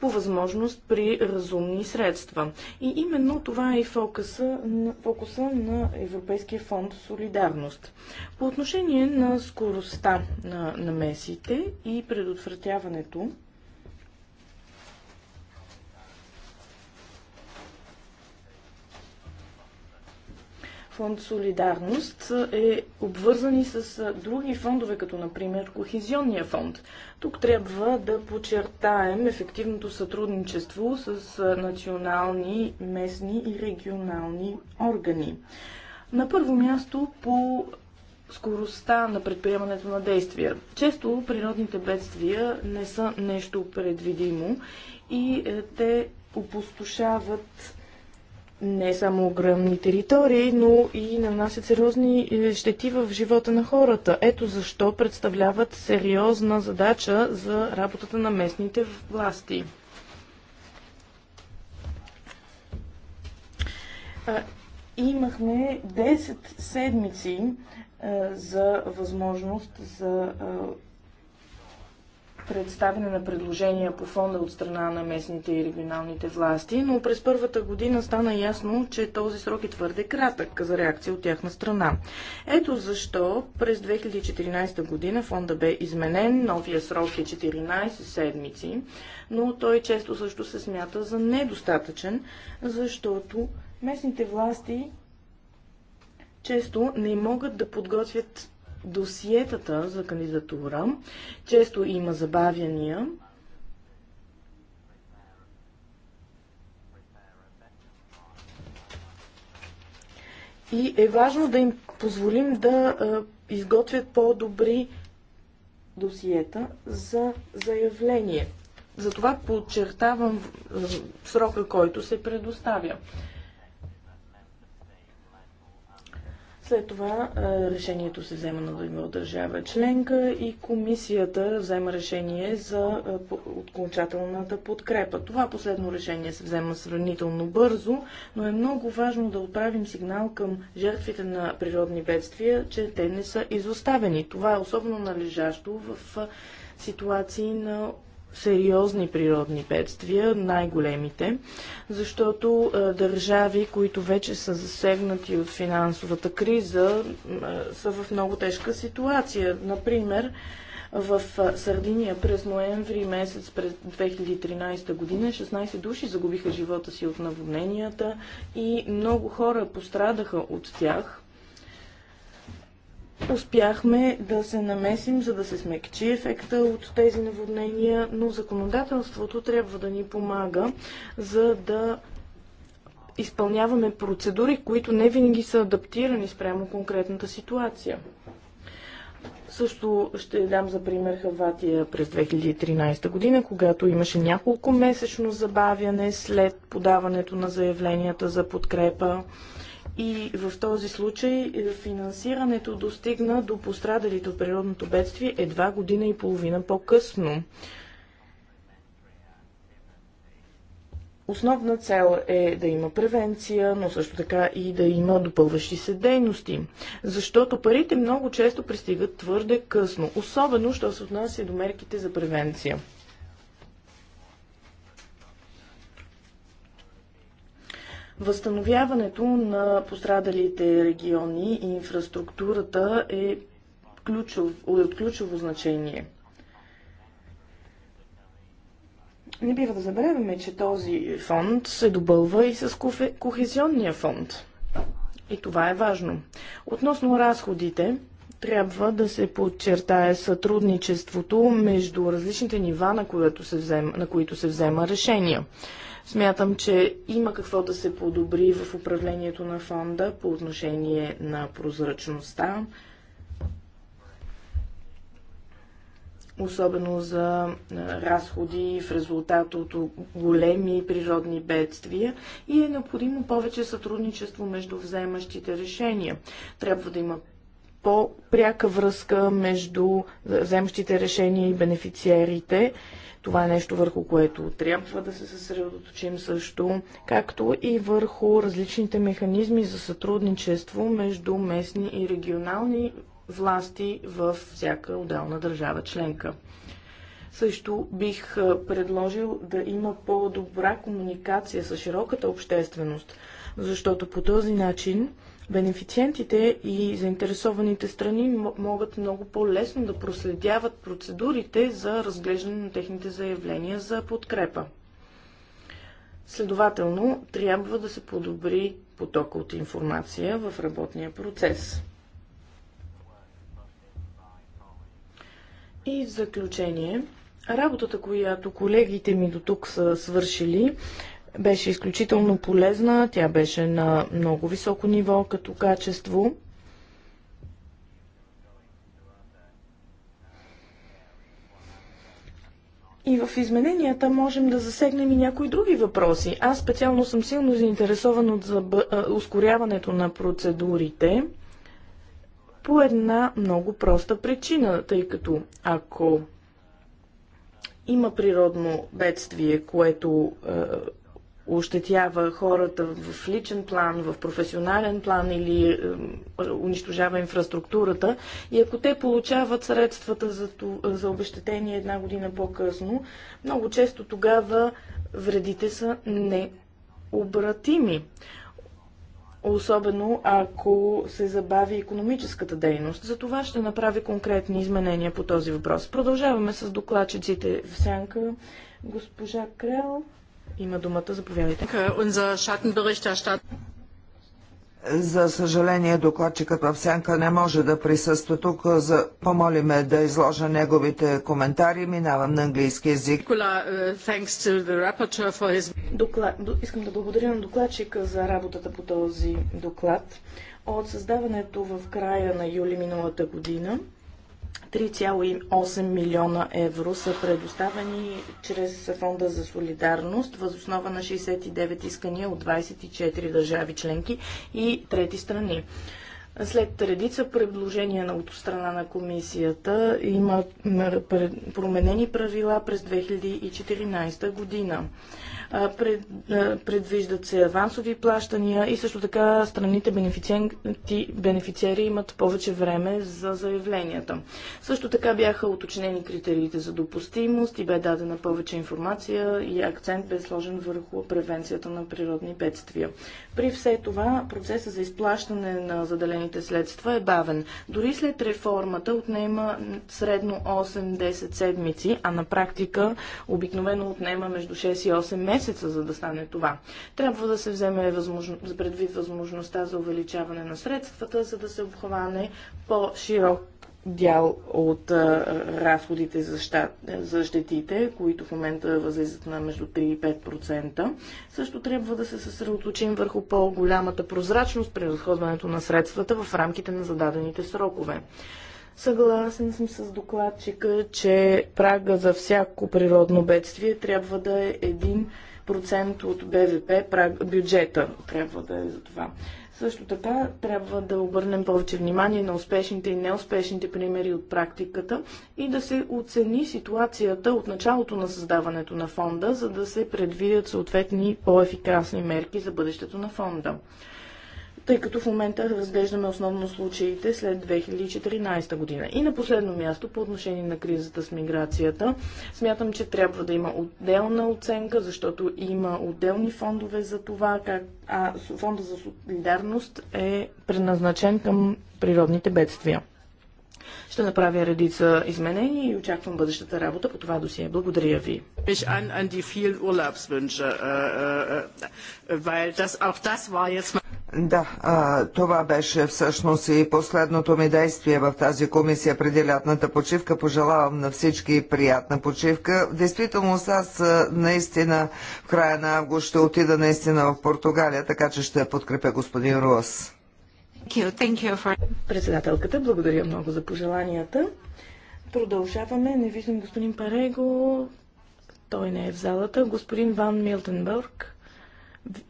по възможност при разумни средства. И именно това е и фокуса, фокуса на Европейския фонд Солидарност. По отношение на скоростта на намесите и предотвратяването, фонд Солидарност е обвързани с други фондове, като например Кохезионния фонд. Тук трябва да подчертаем ефективното сътрудничество с национални, местни и регионални органи. На първо място по скоростта на предприемането на действия. Често природните бедствия не са нещо предвидимо и е, те опустошават не само огромни територии, но и нанасят сериозни е, щети в живота на хората. Ето защо представляват сериозна задача за работата на местните власти. Имахме 10 седмици за възможност за представяне на предложения по фонда от страна на местните и регионалните власти, но през първата година стана ясно, че този срок е твърде кратък за реакция от тяхна страна. Ето защо през 2014 година фонда бе изменен, новия срок е 14 седмици, но той често също се смята за недостатъчен, защото местните власти често не могат да подготвят досиетата за кандидатура. Често има забавяния. И е важно да им позволим да изготвят по-добри досиета за заявление. Затова подчертавам срока, който се предоставя. След това е, решението се взема на държава членка и комисията взема решение за е, окончателната подкрепа. Това последно решение се взема сравнително бързо, но е много важно да отправим сигнал към жертвите на природни бедствия, че те не са изоставени. Това е особено належащо в е, ситуации на сериозни природни бедствия, най-големите, защото държави, които вече са засегнати от финансовата криза, са в много тежка ситуация. Например, в Сардиния през ноември месец през 2013 година 16 души загубиха живота си от наводненията и много хора пострадаха от тях успяхме да се намесим, за да се смекчи ефекта от тези наводнения, но законодателството трябва да ни помага, за да изпълняваме процедури, които не винаги са адаптирани спрямо конкретната ситуация. Също ще дам за пример Хаватия през 2013 година, когато имаше няколко месечно забавяне след подаването на заявленията за подкрепа. И в този случай е, финансирането достигна до пострадалите от природното бедствие едва година и половина по-късно. Основна цел е да има превенция, но също така и да има допълващи се дейности, защото парите много често пристигат твърде късно, особено що се отнася до мерките за превенция. Възстановяването на пострадалите региони и инфраструктурата е ключов, е от ключово значение. Не бива да забравяме, че този фонд се добълва и с кохезионния фонд. И това е важно. Относно разходите, трябва да се подчертае сътрудничеството между различните нива, на, се взема, на които се взема решения. Смятам, че има какво да се подобри в управлението на фонда по отношение на прозрачността, особено за разходи в резултат от големи природни бедствия и е необходимо повече сътрудничество между вземащите решения. Трябва да има по-пряка връзка между вземащите решения и бенефициерите това е нещо върху което трябва да се съсредоточим също, както и върху различните механизми за сътрудничество между местни и регионални власти в всяка отделна държава членка. Също бих предложил да има по-добра комуникация с широката общественост, защото по този начин бенефициентите и заинтересованите страни могат много по-лесно да проследяват процедурите за разглеждане на техните заявления за подкрепа. Следователно, трябва да се подобри потока от информация в работния процес. И в заключение, работата, която колегите ми до тук са свършили, беше изключително полезна. Тя беше на много високо ниво като качество. И в измененията можем да засегнем и някои други въпроси. Аз специално съм силно заинтересован от забъ... ускоряването на процедурите по една много проста причина, тъй като ако има природно бедствие, което е, ощетява хората в личен план, в професионален план или унищожава инфраструктурата. И ако те получават средствата за, за обещетение една година по-късно, много често тогава вредите са необратими особено ако се забави економическата дейност. За това ще направи конкретни изменения по този въпрос. Продължаваме с докладчиците в сянка. Госпожа Крел има думата. Заповядайте. За съжаление, докладчикът в сянка не може да присъства тук. За... Помолиме да изложа неговите коментари. Минавам на английски язик. Uh, доклад... Искам да благодаря на докладчика за работата по този доклад. От създаването в края на юли миналата година 3,8 милиона евро са предоставени чрез Фонда за солидарност възоснова на 69 искания от 24 държави членки и трети страни. След редица предложения от страна на комисията има променени правила през 2014 година. Пред, предвиждат се авансови плащания и също така страните бенефициери имат повече време за заявленията. Също така бяха уточнени критериите за допустимост и бе дадена повече информация и акцент бе сложен върху превенцията на природни бедствия. При все това процеса за изплащане на заделените собствените следства е бавен. Дори след реформата отнема средно 8-10 седмици, а на практика обикновено отнема между 6 и 8 месеца, за да стане това. Трябва да се вземе възможно, предвид възможността за увеличаване на средствата, за да се обхване по-широк дял от а, разходите за, щат, за щетите, които в момента възлизат на между 3 и 5%. Също трябва да се съсредоточим върху по-голямата прозрачност при разходването на средствата в рамките на зададените срокове. Съгласен съм с докладчика, че прага за всяко природно бедствие трябва да е 1% от БВП, праг, бюджета трябва да е за това. Също така трябва да обърнем повече внимание на успешните и неуспешните примери от практиката и да се оцени ситуацията от началото на създаването на фонда, за да се предвидят съответни по-ефикасни мерки за бъдещето на фонда тъй като в момента разглеждаме основно случаите след 2014 година. И на последно място, по отношение на кризата с миграцията, смятам, че трябва да има отделна оценка, защото има отделни фондове за това, как... а фонда за солидарност е предназначен към природните бедствия. Ще направя редица изменения и очаквам бъдещата работа по това досие. Благодаря ви. Äh, äh, äh, да, а, това беше всъщност и последното ми действие в тази комисия преди лятната почивка. Пожелавам на всички приятна почивка. Действително, аз наистина в края на август ще отида наистина в Португалия, така че ще подкрепя господин Руас you, thank you for... Председателката, благодаря много за пожеланията. Продължаваме. Не виждам господин Парего. Той не е в залата. Господин Ван Милтенбърг.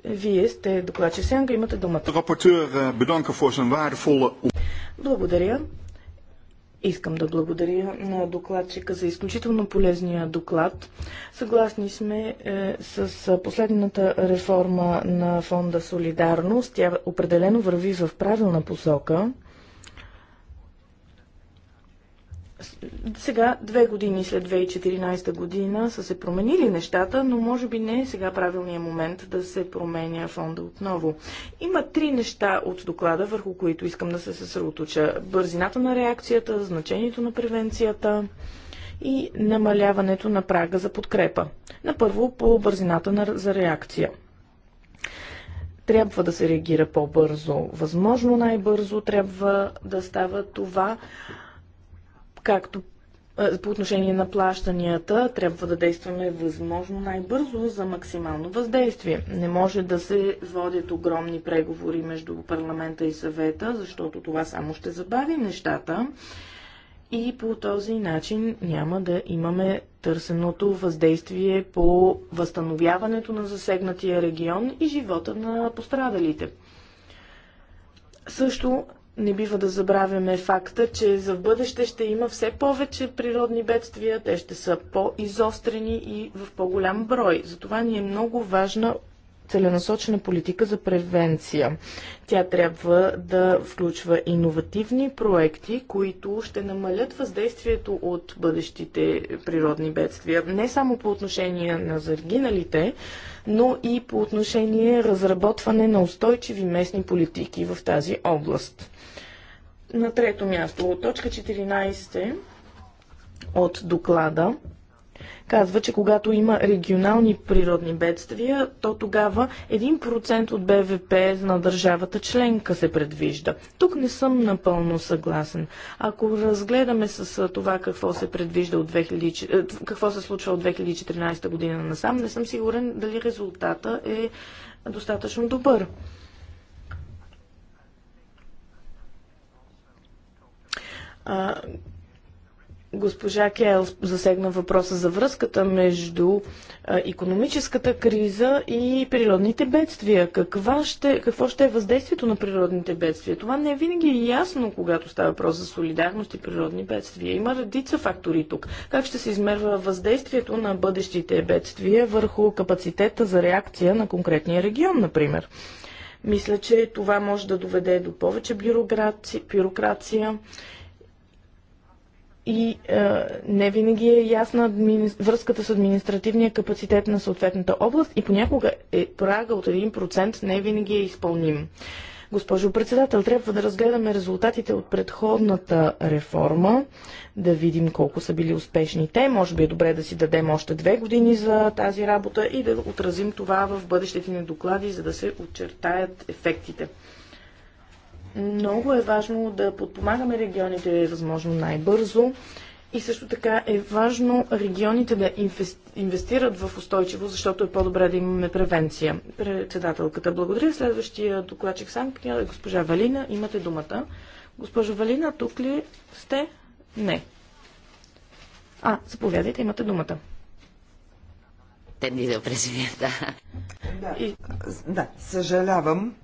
Вие сте докладчик сянка, имате думата. Eh, благодаря. Искам да благодаря на докладчика за изключително полезния доклад. Съгласни сме е, с последната реформа на фонда Солидарност. Тя определено върви в правилна посока. Сега, две години след 2014 година, са се променили нещата, но може би не е сега правилният момент да се променя фонда отново. Има три неща от доклада, върху които искам да се съсредоточа. Бързината на реакцията, значението на превенцията и намаляването на прага за подкрепа. На първо по бързината на, за реакция трябва да се реагира по-бързо, възможно най-бързо трябва да става това както по отношение на плащанията трябва да действаме възможно най-бързо за максимално въздействие. Не може да се водят огромни преговори между парламента и съвета, защото това само ще забави нещата и по този начин няма да имаме търсеното въздействие по възстановяването на засегнатия регион и живота на пострадалите. Също не бива да забравяме факта, че за бъдеще ще има все повече природни бедствия, те ще са по-изострени и в по-голям брой. Затова ни е много важна целенасочена политика за превенция. Тя трябва да включва иновативни проекти, които ще намалят въздействието от бъдещите природни бедствия. Не само по отношение на загиналите, но и по отношение разработване на устойчиви местни политики в тази област. На трето място, от точка 14 от доклада, казва, че когато има регионални природни бедствия, то тогава 1% от БВП на държавата членка се предвижда. Тук не съм напълно съгласен. Ако разгледаме с това какво се предвижда от 2000, е, какво се случва от 2014 година насам, не съм сигурен дали резултата е достатъчно добър. А, госпожа Кел засегна въпроса за връзката между економическата криза и природните бедствия. Каква ще, какво ще е въздействието на природните бедствия? Това не е винаги е ясно, когато става въпрос за солидарност и природни бедствия. Има редица фактори тук. Как ще се измерва въздействието на бъдещите бедствия върху капацитета за реакция на конкретния регион, например? Мисля, че това може да доведе до повече бюрокрация, бюрокрация и а, е, не винаги е ясна админи... връзката с административния капацитет на съответната област и понякога е, прага от 1% не винаги е изпълним. Госпожо председател, трябва да разгледаме резултатите от предходната реформа, да видим колко са били успешни те. Може би е добре да си дадем още две години за тази работа и да отразим това в бъдещите ни доклади, за да се очертаят ефектите. Много е важно да подпомагаме регионите възможно най-бързо. И също така е важно регионите да инвестират в устойчиво, защото е по-добре да имаме превенция. Председателката, благодаря. Следващия докладчик сам е госпожа Валина. Имате думата. Госпожо Валина, тук ли сте? Не. А, заповядайте, имате думата. Те ни Да, да, съжалявам.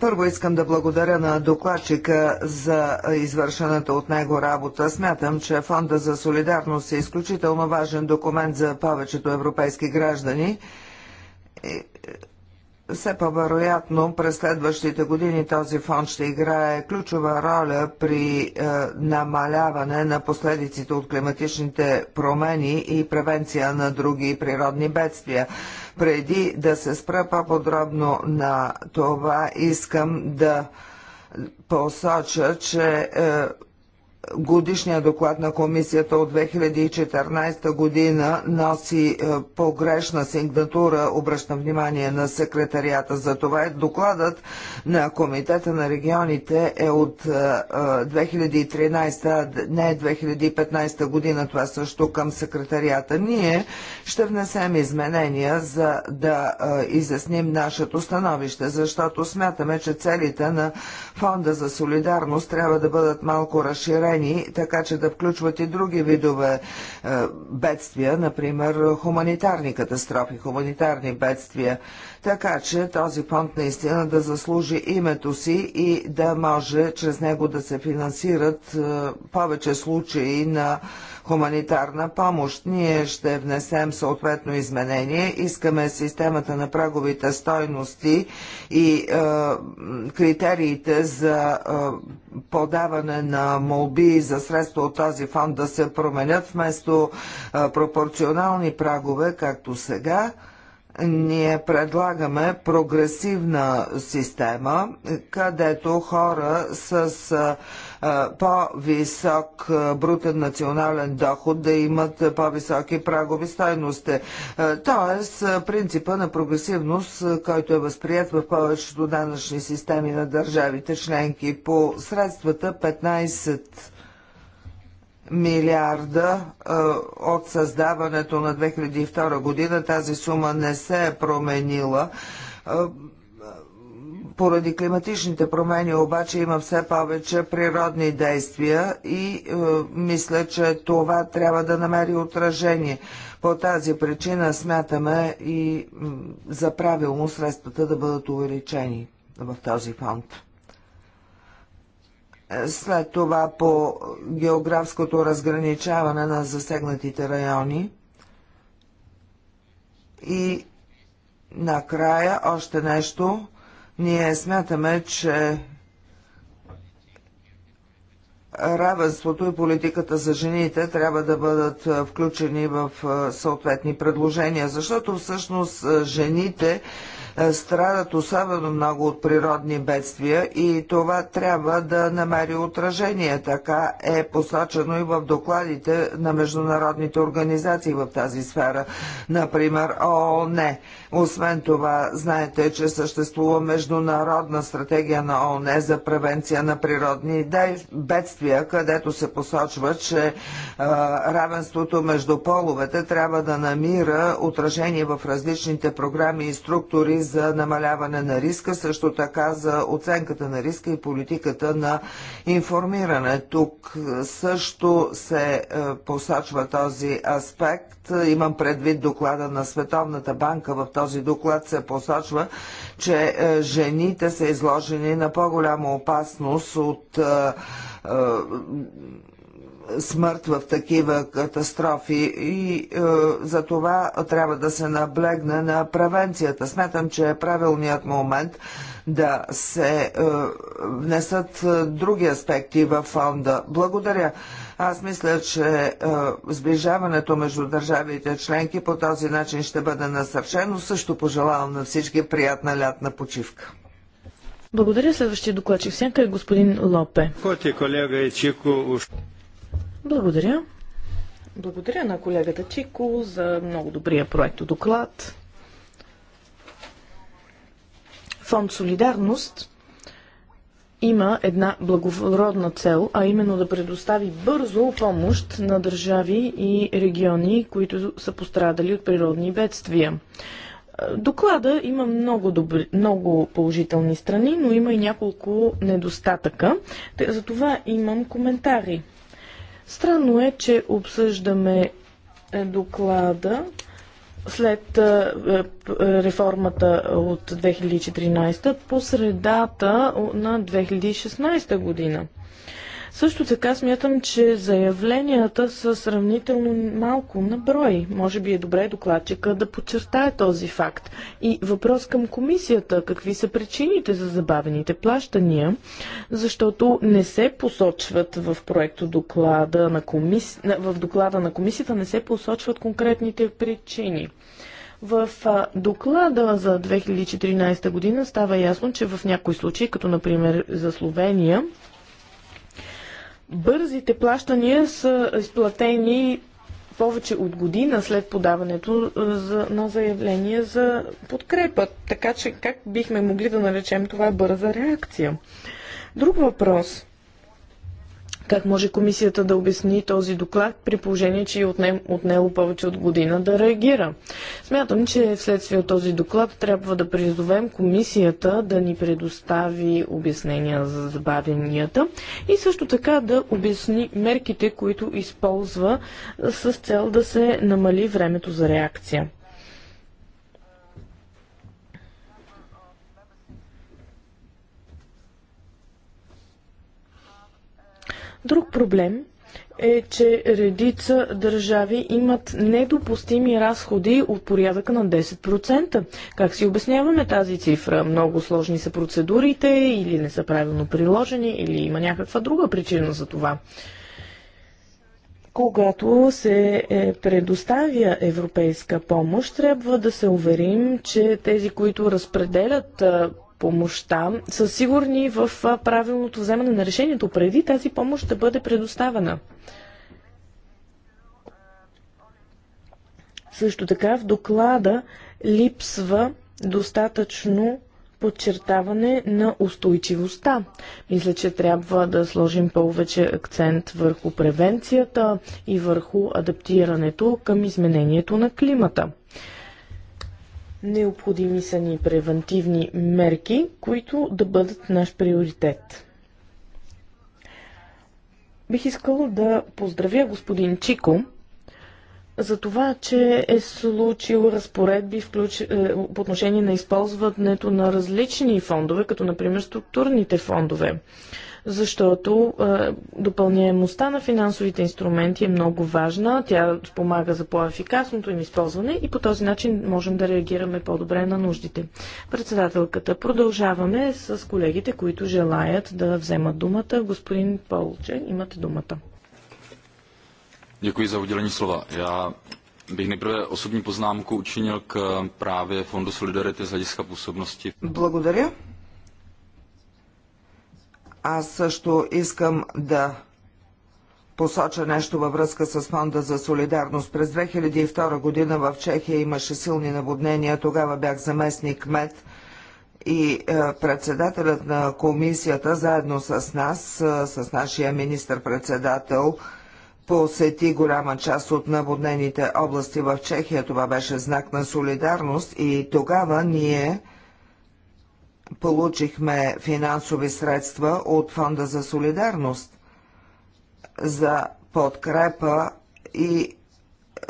Първо искам да благодаря на докладчика за извършената от него работа. Смятам, че Фонда за солидарност е изключително важен документ за повечето европейски граждани все по-вероятно през следващите години този фонд ще играе ключова роля при е, намаляване на последиците от климатичните промени и превенция на други природни бедствия. Преди да се спра по-подробно на това, искам да посоча, че е, годишния доклад на комисията от 2014 година носи е, погрешна сигнатура, обръща внимание на секретарията за това. Докладът на Комитета на регионите е от 2013, е, е, а не е 2015 година, това също към секретарията. Ние ще внесем изменения за да изясним нашето становище, защото смятаме, че целите на Фонда за солидарност трябва да бъдат малко разширени промени, така че да включват и други видове е, бедствия, например хуманитарни катастрофи, хуманитарни бедствия така че този фонд наистина да заслужи името си и да може чрез него да се финансират е, повече случаи на хуманитарна помощ. Ние ще внесем съответно изменение. Искаме системата на праговите стойности и е, критериите за е, подаване на молби за средства от този фонд да се променят вместо е, пропорционални прагове, както сега ние предлагаме прогресивна система, където хора с по-висок брутен национален доход да имат по-високи прагови стойности. Тоест, принципа на прогресивност, който е възприят в повечето данъчни системи на държавите членки по средствата 15 милиарда от създаването на 2002 година. Тази сума не се е променила. Поради климатичните промени обаче има все повече природни действия и е, мисля, че това трябва да намери отражение. По тази причина смятаме и за правилно средствата да бъдат увеличени в този фонд след това по географското разграничаване на засегнатите райони и накрая още нещо. Ние смятаме, че равенството и политиката за жените трябва да бъдат включени в съответни предложения, защото всъщност жените е, страдат особено много от природни бедствия и това трябва да намери отражение. Така е посочено и в докладите на международните организации в тази сфера, например ООН. Освен това, знаете, че съществува международна стратегия на ООН за превенция на природни бедствия, където се посочва, че а, е, равенството между половете трябва да намира отражение в различните програми и структури за намаляване на риска, също така за оценката на риска и политиката на информиране. Тук също се е, посочва този аспект. Имам предвид доклада на Световната банка. В този доклад се посочва, че е, жените са изложени на по-голяма опасност от е, смърт в такива катастрофи и е, за това трябва да се наблегне на превенцията. Смятам, че е правилният момент да се е, внесат е, други аспекти във фонда. Благодаря. Аз мисля, че е, сближаването между държавите членки по този начин ще бъде насърчено. Също пожелавам на всички приятна лятна почивка. Благодаря. Следващия докладчик всяка е господин Лопе. Коти колега Ичико, благодаря. Благодаря на колегата Чико за много добрия проект доклад. Фонд Солидарност има една благородна цел, а именно да предостави бързо помощ на държави и региони, които са пострадали от природни бедствия. Доклада има много, добри, много положителни страни, но има и няколко недостатъка. Затова имам коментари. Странно е, че обсъждаме е, доклада след е, е, реформата от 2014 по средата на 2016 година. Също така смятам, че заявленията са сравнително малко на брой. Може би е добре докладчика да подчертае този факт. И въпрос към комисията. Какви са причините за забавените плащания? Защото не се посочват в проекто доклада на комис... в доклада на комисията не се посочват конкретните причини. В доклада за 2014 година става ясно, че в някои случаи, като например за Словения, Бързите плащания са изплатени повече от година след подаването е, на заявление за подкрепа. Така че как бихме могли да наречем това бърза реакция? Друг въпрос. Как може комисията да обясни този доклад при положение, че е отнем, отнело повече от година да реагира? Смятам, че вследствие от този доклад трябва да призовем комисията да ни предостави обяснения за забавенията и също така да обясни мерките, които използва с цел да се намали времето за реакция. Друг проблем е, че редица държави имат недопустими разходи от порядъка на 10%. Как си обясняваме тази цифра? Много сложни са процедурите или не са правилно приложени или има някаква друга причина за това? когато се е, предоставя европейска помощ, трябва да се уверим, че тези, които разпределят е, помощта са сигурни в правилното вземане на решението преди тази помощ да бъде предоставена. Също така в доклада липсва достатъчно подчертаване на устойчивостта. Мисля, че трябва да сложим повече акцент върху превенцията и върху адаптирането към изменението на климата. Необходими са ни превентивни мерки, които да бъдат наш приоритет. Бих искала да поздравя господин Чико за това, че е случил разпоредби включ... Е, по отношение на използването на различни фондове, като например структурните фондове защото е, допълняемостта на финансовите инструменти е много важна. Тя спомага за по-ефикасното им използване и по този начин можем да реагираме по-добре на нуждите. Председателката, продължаваме с колегите, които желаят да вземат думата. Господин Полче, имате думата. Děkuji za udělení slova. Já bych nejprve osobní poznámku učinil k právě Fondu Solidarity z hlediska působnosti. Благодаря. Аз също искам да посоча нещо във връзка с Фонда за солидарност. През 2002 година в Чехия имаше силни наводнения. Тогава бях заместник мед и е, председателят на комисията заедно с нас, е, с нашия министр-председател, посети голяма част от наводнените области в Чехия. Това беше знак на солидарност и тогава ние получихме финансови средства от Фонда за солидарност за подкрепа и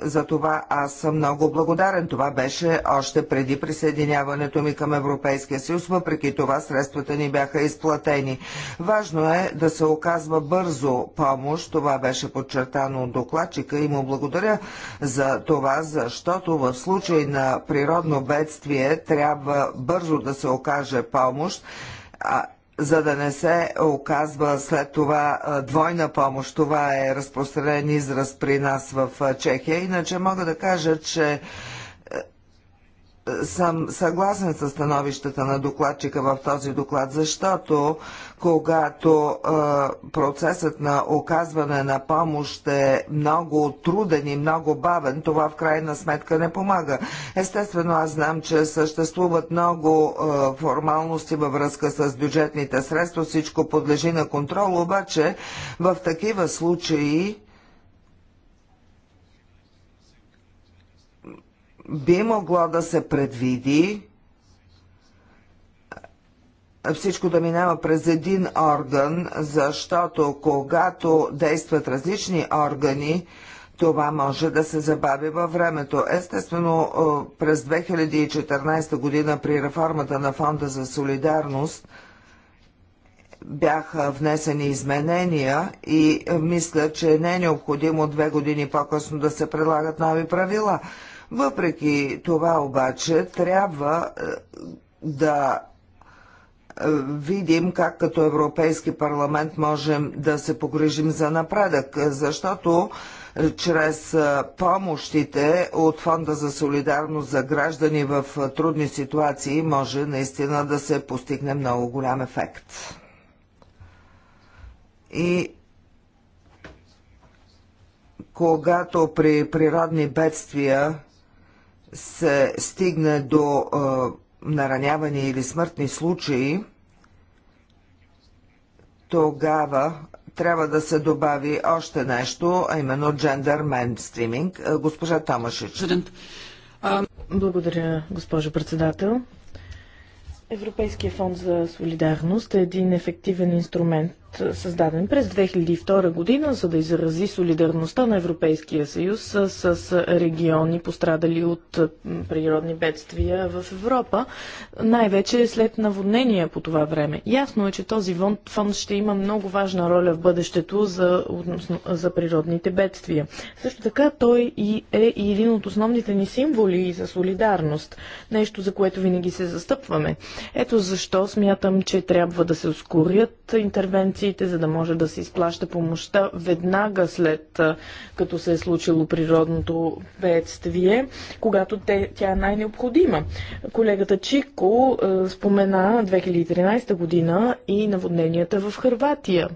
за това аз съм много благодарен. Това беше още преди присъединяването ми към Европейския съюз, въпреки това средствата ни бяха изплатени. Важно е да се оказва бързо помощ, това беше подчертано от докладчика и му благодаря за това, защото в случай на природно бедствие трябва бързо да се окаже помощ, за да не се оказва след това двойна помощ. Това е разпространен израз при нас в Чехия. Иначе мога да кажа, че съм съгласен с становищата на докладчика в този доклад, защото когато а, процесът на оказване на помощ е много труден и много бавен, това в крайна сметка не помага. Естествено, аз знам, че съществуват много а, формалности във връзка с бюджетните средства, всичко подлежи на контрол, обаче в такива случаи би могло да се предвиди всичко да минава през един орган, защото когато действат различни органи, това може да се забави във времето. Естествено, е, през 2014 година при реформата на Фонда за солидарност бяха внесени изменения и мисля, че не е необходимо две години по-късно да се предлагат нови правила. Въпреки това обаче трябва е, да видим как като Европейски парламент можем да се погрижим за напредък, защото е, чрез е, помощите от Фонда за солидарност за граждани в е, трудни ситуации може наистина да се постигне много голям ефект. И когато при природни бедствия се стигне до наранявани или смъртни случаи, тогава трябва да се добави още нещо, а именно джендър мейнстриминг. Е, госпожа Томашич. Благодаря, госпожо председател. Европейския фонд за солидарност е един ефективен инструмент създаден през 2002 година, за да изрази солидарността на Европейския съюз с, с региони, пострадали от природни бедствия в Европа, най-вече след наводнения по това време. Ясно е, че този фонд ще има много важна роля в бъдещето за, за природните бедствия. Също така той и е и един от основните ни символи за солидарност, нещо за което винаги се застъпваме. Ето защо смятам, че трябва да се ускорят интервенции институциите, за да може да се изплаща помощта веднага след като се е случило природното бедствие, когато те, тя е най-необходима. Колегата Чико спомена 2013 година и наводненията в Харватия.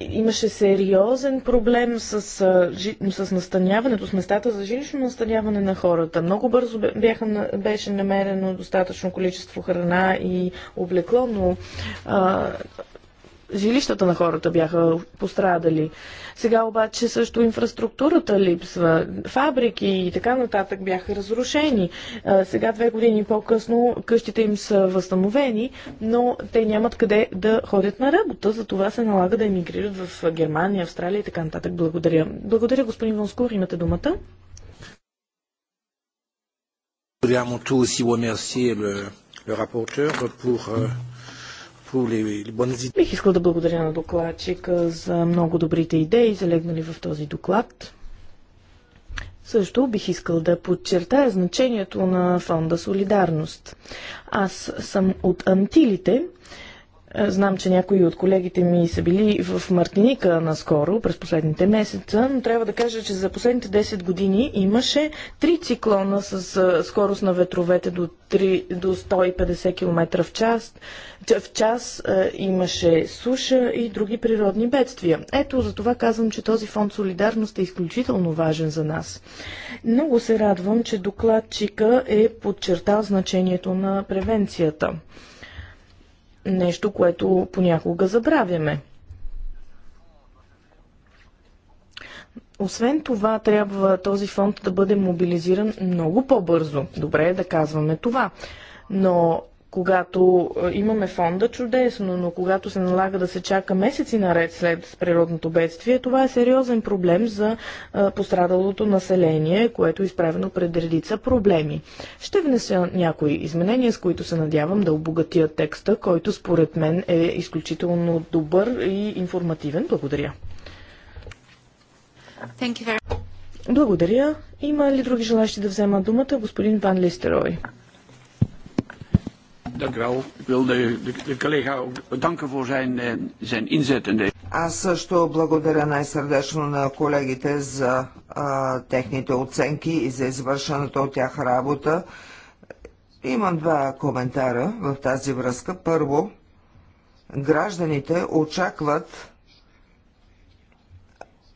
имаше сериозен проблем с, с настаняването, с местата за жилищно настаняване на хората. Много бързо бяха, беше намерено достатъчно количество храна и облекло, но а, жилищата на хората бяха пострадали. Сега обаче също инфраструктурата липсва, фабрики и така нататък бяха разрушени. Сега две години по-късно къщите им са възстановени, но те нямат къде да ходят на работа, За това се налага да емигрират в Германия, Австралия и така нататък. Благодаря. Благодаря, господин Вонскур, имате думата. Благодаря, le, le rapporteur pour euh, Бих искал да благодаря на докладчика за много добрите идеи, залегнали в този доклад. Също бих искал да подчертая значението на фонда Солидарност. Аз съм от Антилите е, знам, че някои от колегите ми са били в Мартиника наскоро, през последните месеца, но трябва да кажа, че за последните 10 години имаше три циклона с е, скорост на ветровете до, 3, до 150 км в час. В час е, имаше суша и други природни бедствия. Ето за това казвам, че този фонд Солидарност е изключително важен за нас. Много се радвам, че докладчика е подчертал значението на превенцията нещо, което понякога забравяме. Освен това, трябва този фонд да бъде мобилизиран много по-бързо. Добре е да казваме това. Но когато е, имаме фонда, чудесно, но когато се налага да се чака месеци наред след природното бедствие, това е сериозен проблем за е, пострадалото население, което е изправено пред редица проблеми. Ще внеса някои изменения, с които се надявам да обогатя текста, който според мен е изключително добър и информативен. Благодаря. Благодаря. Има ли други желащи да взема думата? Господин Ван Листерой. Dank u wel. Ik wil de, de, de collega ook voor zijn, eh, zijn inzet. In de... Аз също благодаря най-сърдечно на колегите за а, техните оценки и за извършената от тях работа. Имам два коментара в тази връзка. Първо, гражданите очакват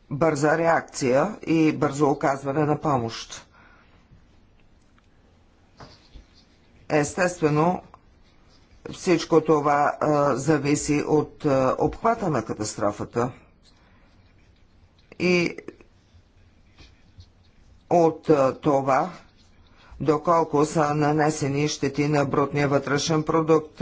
бърза реакция и бързо оказване на помощ. Естествено, всичко това а, зависи от а, обхвата на катастрофата и от а, това, доколко са нанесени щети на брутния вътрешен продукт.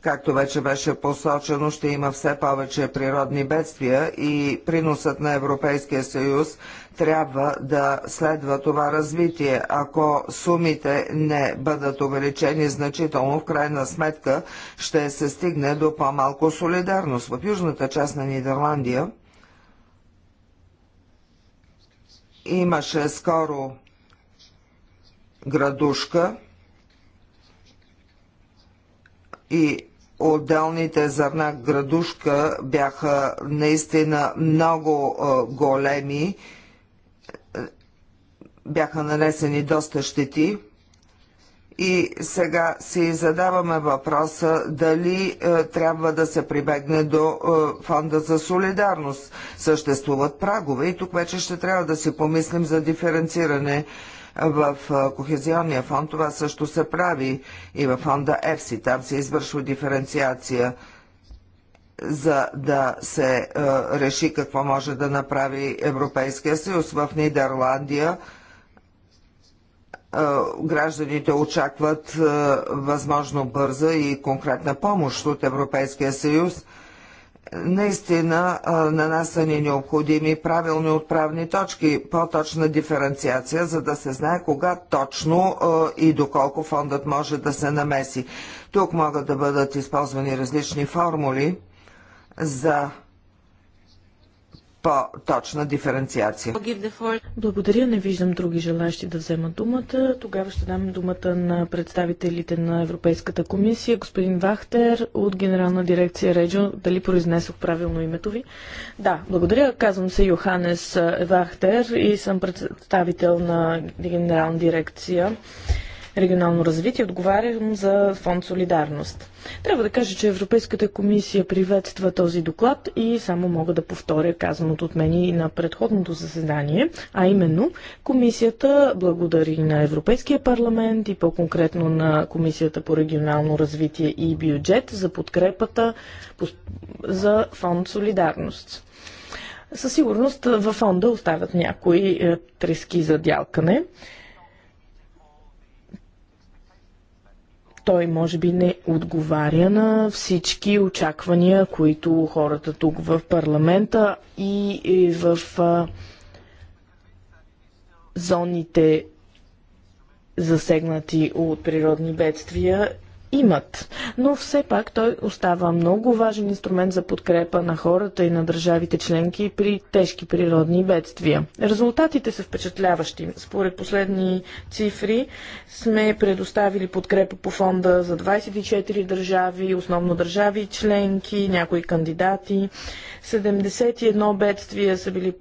Както вече беше посочено, ще има все повече природни бедствия и приносът на Европейския съюз трябва да следва това развитие. Ако сумите не бъдат увеличени значително, в крайна сметка ще се стигне до по-малко солидарност. В южната част на Нидерландия имаше скоро градушка и отделните зърна градушка бяха наистина много големи бяха нанесени доста щети. И сега си задаваме въпроса дали е, трябва да се прибегне до е, фонда за солидарност. Съществуват прагове и тук вече ще трябва да си помислим за диференциране в е, Кохезионния фонд. Това също се прави и в фонда ЕФСИ. Там се извършва диференциация за да се е, реши какво може да направи Европейския съюз. В Нидерландия гражданите очакват възможно бърза и конкретна помощ от Европейския съюз. Наистина на нас са ни необходими правилни отправни точки, по-точна диференциация, за да се знае кога точно и доколко фондът може да се намеси. Тук могат да бъдат използвани различни формули за по-точна диференциация. Благодаря, не виждам други желащи да вземат думата. Тогава ще дам думата на представителите на Европейската комисия, господин Вахтер от Генерална дирекция Реджо. Дали произнесох правилно името ви? Да, благодаря. Казвам се Йоханес Вахтер и съм представител на Генерална дирекция регионално развитие. Отговарям за фонд Солидарност. Трябва да кажа, че Европейската комисия приветства този доклад и само мога да повторя казаното от мен и на предходното заседание, а именно комисията благодари на Европейския парламент и по-конкретно на Комисията по регионално развитие и бюджет за подкрепата за фонд Солидарност. Със сигурност във фонда оставят някои е, трески за дялкане. той може би не отговаря на всички очаквания, които хората тук в парламента и в зоните засегнати от природни бедствия имат. Но все пак той остава много важен инструмент за подкрепа на хората и на държавите членки при тежки природни бедствия. Резултатите са впечатляващи. Според последни цифри сме предоставили подкрепа по фонда за 24 държави, основно държави членки, някои кандидати. 71 бедствия са били,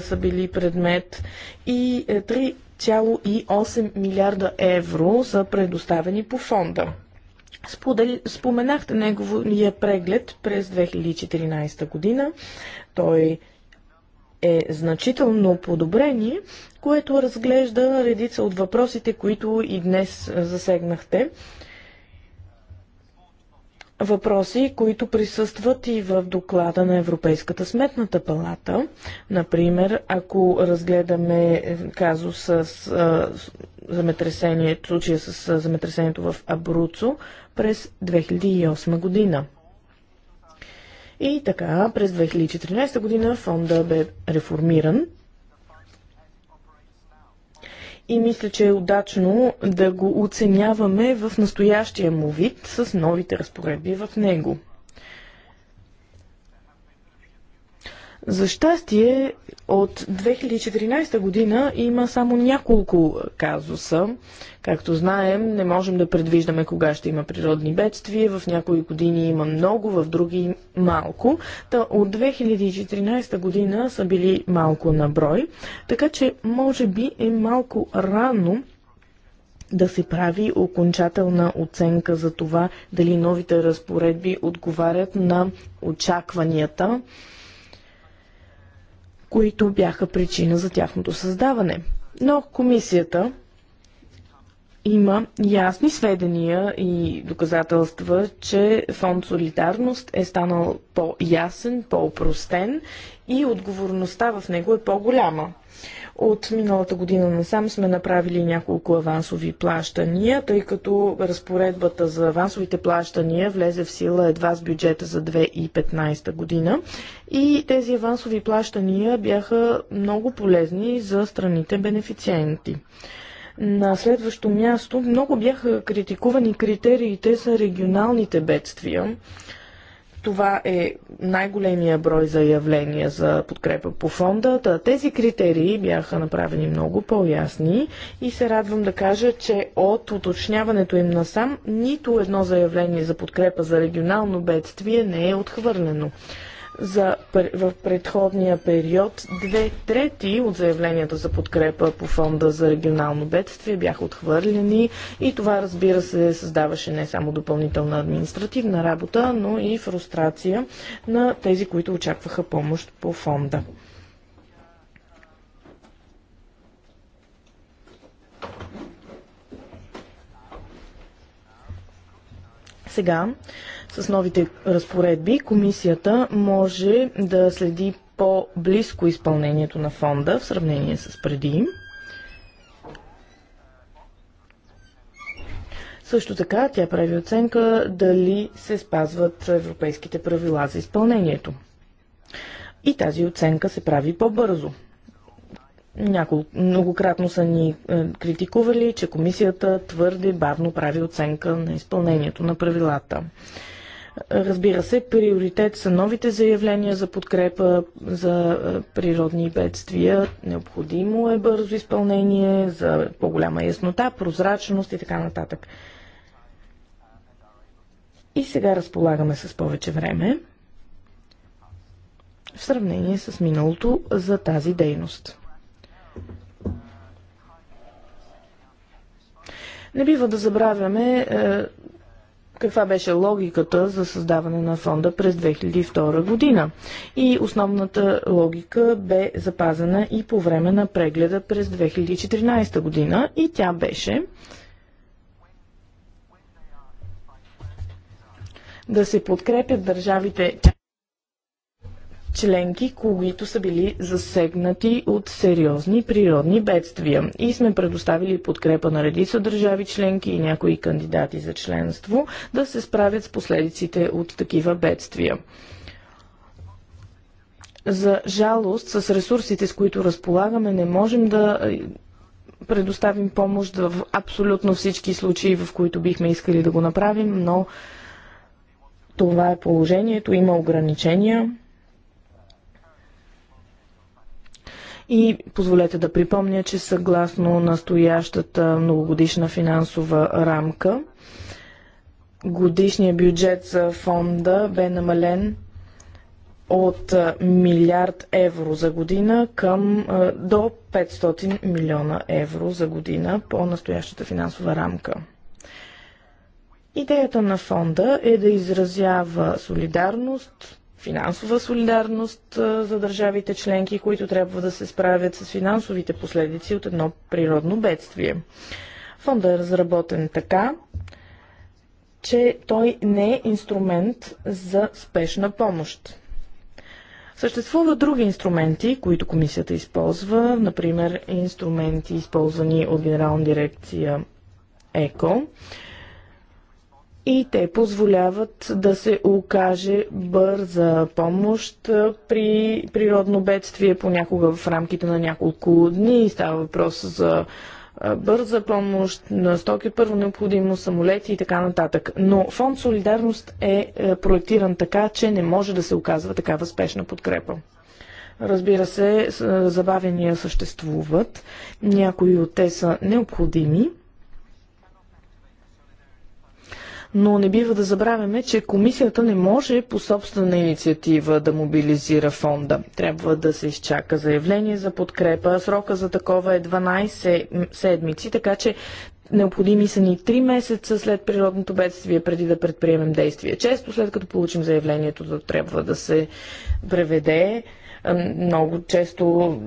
са били предмет и 3,8 е, милиарда евро са предоставени по фонда. Споменахте неговия преглед през 2014 година. Той е значително подобрение, което разглежда редица от въпросите, които и днес засегнахте въпроси, които присъстват и в доклада на Европейската сметната палата. Например, ако разгледаме казус с земетресението, случая с земетресението в Абруцо през 2008 година. И така, през 2014 година фонда бе реформиран – и мисля, че е удачно да го оценяваме в настоящия му вид с новите разпоредби в него. За щастие, от 2014 година има само няколко казуса. Както знаем, не можем да предвиждаме кога ще има природни бедствия. В някои години има много, в други малко. Та от 2014 година са били малко на брой. Така че, може би е малко рано да се прави окончателна оценка за това дали новите разпоредби отговарят на очакванията които бяха причина за тяхното създаване. Но комисията има ясни сведения и доказателства, че фонд Солидарност е станал по-ясен, по-опростен и отговорността в него е по-голяма. От миналата година насам сме направили няколко авансови плащания, тъй като разпоредбата за авансовите плащания влезе в сила едва с бюджета за 2015 година. И тези авансови плащания бяха много полезни за страните бенефициенти. На следващо място много бяха критикувани критериите за регионалните бедствия това е най-големия брой заявления за подкрепа по фонда. Тези критерии бяха направени много по-ясни и се радвам да кажа, че от уточняването им насам нито едно заявление за подкрепа за регионално бедствие не е отхвърлено. За, в предходния период две трети от заявленията за подкрепа по фонда за регионално бедствие бяха отхвърлени и това разбира се създаваше не само допълнителна административна работа, но и фрустрация на тези, които очакваха помощ по фонда. Сега с новите разпоредби комисията може да следи по-близко изпълнението на фонда в сравнение с преди. Също така тя прави оценка дали се спазват европейските правила за изпълнението. И тази оценка се прави по-бързо. Няколко, многократно са ни е, критикували, че комисията твърде бавно прави оценка на изпълнението на правилата. Разбира се, приоритет са новите заявления за подкрепа за природни бедствия. Необходимо е бързо изпълнение за по-голяма яснота, прозрачност и така нататък. И сега разполагаме с повече време в сравнение с миналото за тази дейност. Не бива да забравяме каква беше логиката за създаване на фонда през 2002 година. И основната логика бе запазена и по време на прегледа през 2014 година и тя беше да се подкрепят държавите членки, които са били засегнати от сериозни природни бедствия. И сме предоставили подкрепа на редица държави членки и някои кандидати за членство да се справят с последиците от такива бедствия. За жалост, с ресурсите, с които разполагаме, не можем да е, предоставим помощ в абсолютно всички случаи, в които бихме искали да го направим, но това е положението, има ограничения И позволете да припомня, че съгласно настоящата многогодишна финансова рамка, годишният бюджет за фонда бе намален от милиард евро за година към до 500 милиона евро за година по настоящата финансова рамка. Идеята на фонда е да изразява солидарност, финансова солидарност за държавите членки, които трябва да се справят с финансовите последици от едно природно бедствие. Фонда е разработен така, че той не е инструмент за спешна помощ. Съществуват други инструменти, които комисията използва, например инструменти, използвани от Генерална дирекция ЕКО, и те позволяват да се окаже бърза помощ при природно бедствие, понякога в рамките на няколко дни. Става въпрос за бърза помощ, на стоки от първо необходимо, самолети и така нататък. Но фонд Солидарност е, е проектиран така, че не може да се оказва такава спешна подкрепа. Разбира се, забавения съществуват, някои от те са необходими, но не бива да забравяме, че комисията не може по собствена инициатива да мобилизира фонда. Трябва да се изчака заявление за подкрепа. Срока за такова е 12 седмици, така че Необходими са ни 3 месеца след природното бедствие, преди да предприемем действия. Често след като получим заявлението, да трябва да се преведе. Много често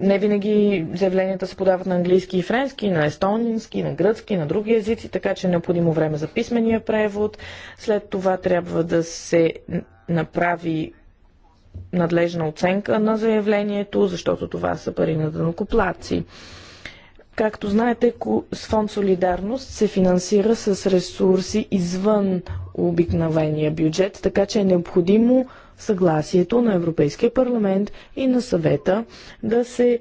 не винаги заявленията се подават на английски и френски, на естонски, на гръцки, на други езици, така че е необходимо време за писмения превод. След това трябва да се направи надлежна оценка на заявлението, защото това са пари на дънокоплаци. Както знаете, с фонд Солидарност се финансира с ресурси извън обикновения бюджет, така че е необходимо съгласието на Европейския парламент и на съвета да се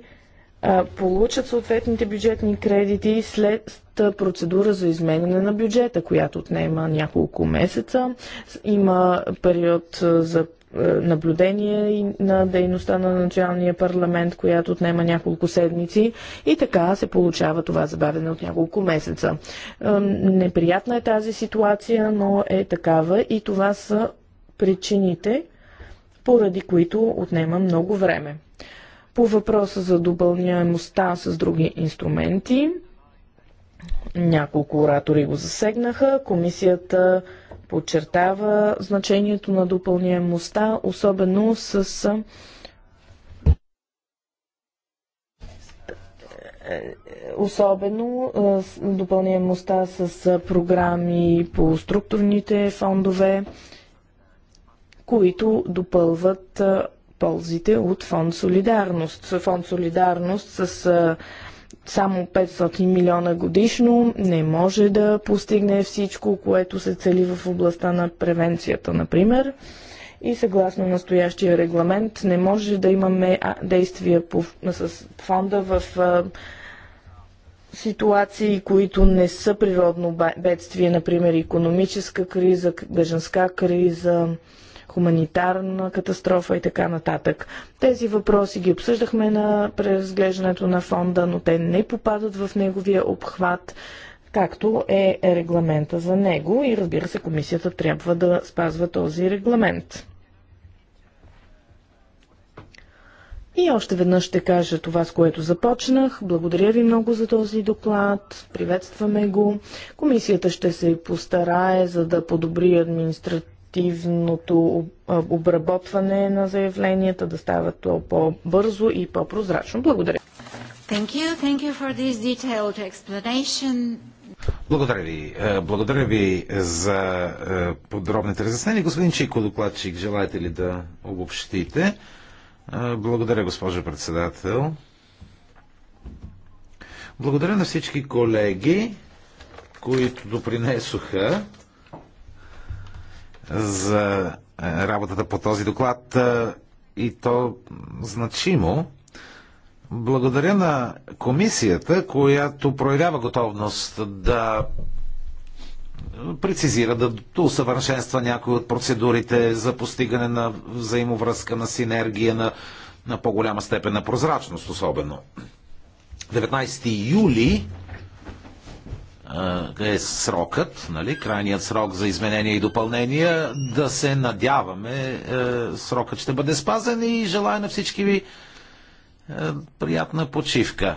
получат съответните бюджетни кредити след процедура за изменяне на бюджета, която отнема няколко месеца. Има период за наблюдение на дейността на националния парламент, която отнема няколко седмици и така се получава това забавене от няколко месеца. Неприятна е тази ситуация, но е такава и това са причините, поради които отнема много време. По въпроса за допълняемостта с други инструменти, няколко оратори го засегнаха. Комисията подчертава значението на допълняемостта, особено с особено допълняемостта с програми по структурните фондове които допълват ползите от фонд Солидарност. Фонд Солидарност с само 500 милиона годишно не може да постигне всичко, което се цели в областта на превенцията, например. И съгласно настоящия регламент не може да имаме действия по, с фонда в ситуации, които не са природно бедствие, например економическа криза, беженска криза, хуманитарна катастрофа и така нататък. Тези въпроси ги обсъждахме на преразглеждането на фонда, но те не попадат в неговия обхват както е регламента за него и разбира се комисията трябва да спазва този регламент. И още веднъж ще кажа това, с което започнах. Благодаря ви много за този доклад. Приветстваме го. Комисията ще се постарае за да подобри административната ефективното обработване на заявленията да стават по-бързо и по-прозрачно. Благодаря. Thank you. Thank you for this detailed explanation. Благодаря ви. Е, благодаря ви за е, подробните разяснения. Господин Чико, докладчик, желаете ли да обобщите? Е, благодаря, госпожо председател. Благодаря на всички колеги, които допринесоха за е, работата по този доклад е, и то значимо. Благодаря на комисията, която проявява готовност да прецизира, да усъвършенства някои от процедурите за постигане на взаимовръзка, на синергия, на, на по-голяма степен на прозрачност особено. 19 юли е срокът, нали, крайният срок за изменения и допълнения, да се надяваме е, срокът ще бъде спазен и желая на всички ви е, приятна почивка.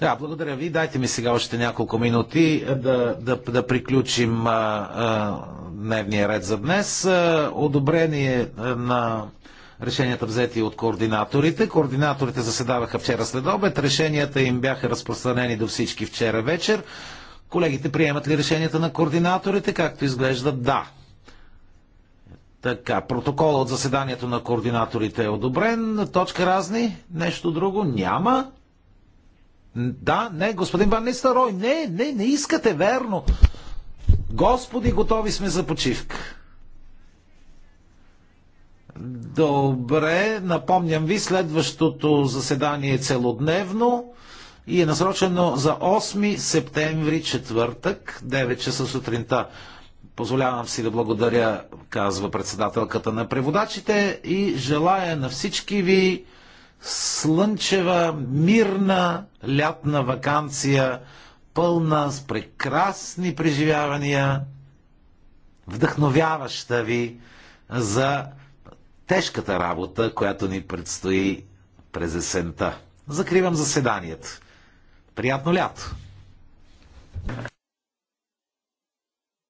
Да, благодаря ви. Дайте ми сега още няколко минути е, да, да, да приключим а, а, дневния ред за днес. А, одобрение на решенията взети от координаторите. Координаторите заседаваха вчера след обед. Решенията им бяха разпространени до всички вчера вечер. Колегите приемат ли решенията на координаторите, както изглеждат? Да. Така, протокола от заседанието на координаторите е одобрен. Точка разни? Нещо друго? Няма. Да, не, господин Ван Рой, не, не, не искате, верно. Господи, готови сме за почивка. Добре, напомням ви, следващото заседание е целодневно и е насрочено за 8 септември, четвъртък, 9 часа сутринта. Позволявам си да благодаря, казва председателката на преводачите и желая на всички ви слънчева, мирна лятна вакансия, пълна с прекрасни преживявания, вдъхновяваща ви за тежката работа, която ни предстои през есента. Закривам заседанието. Приятно лято!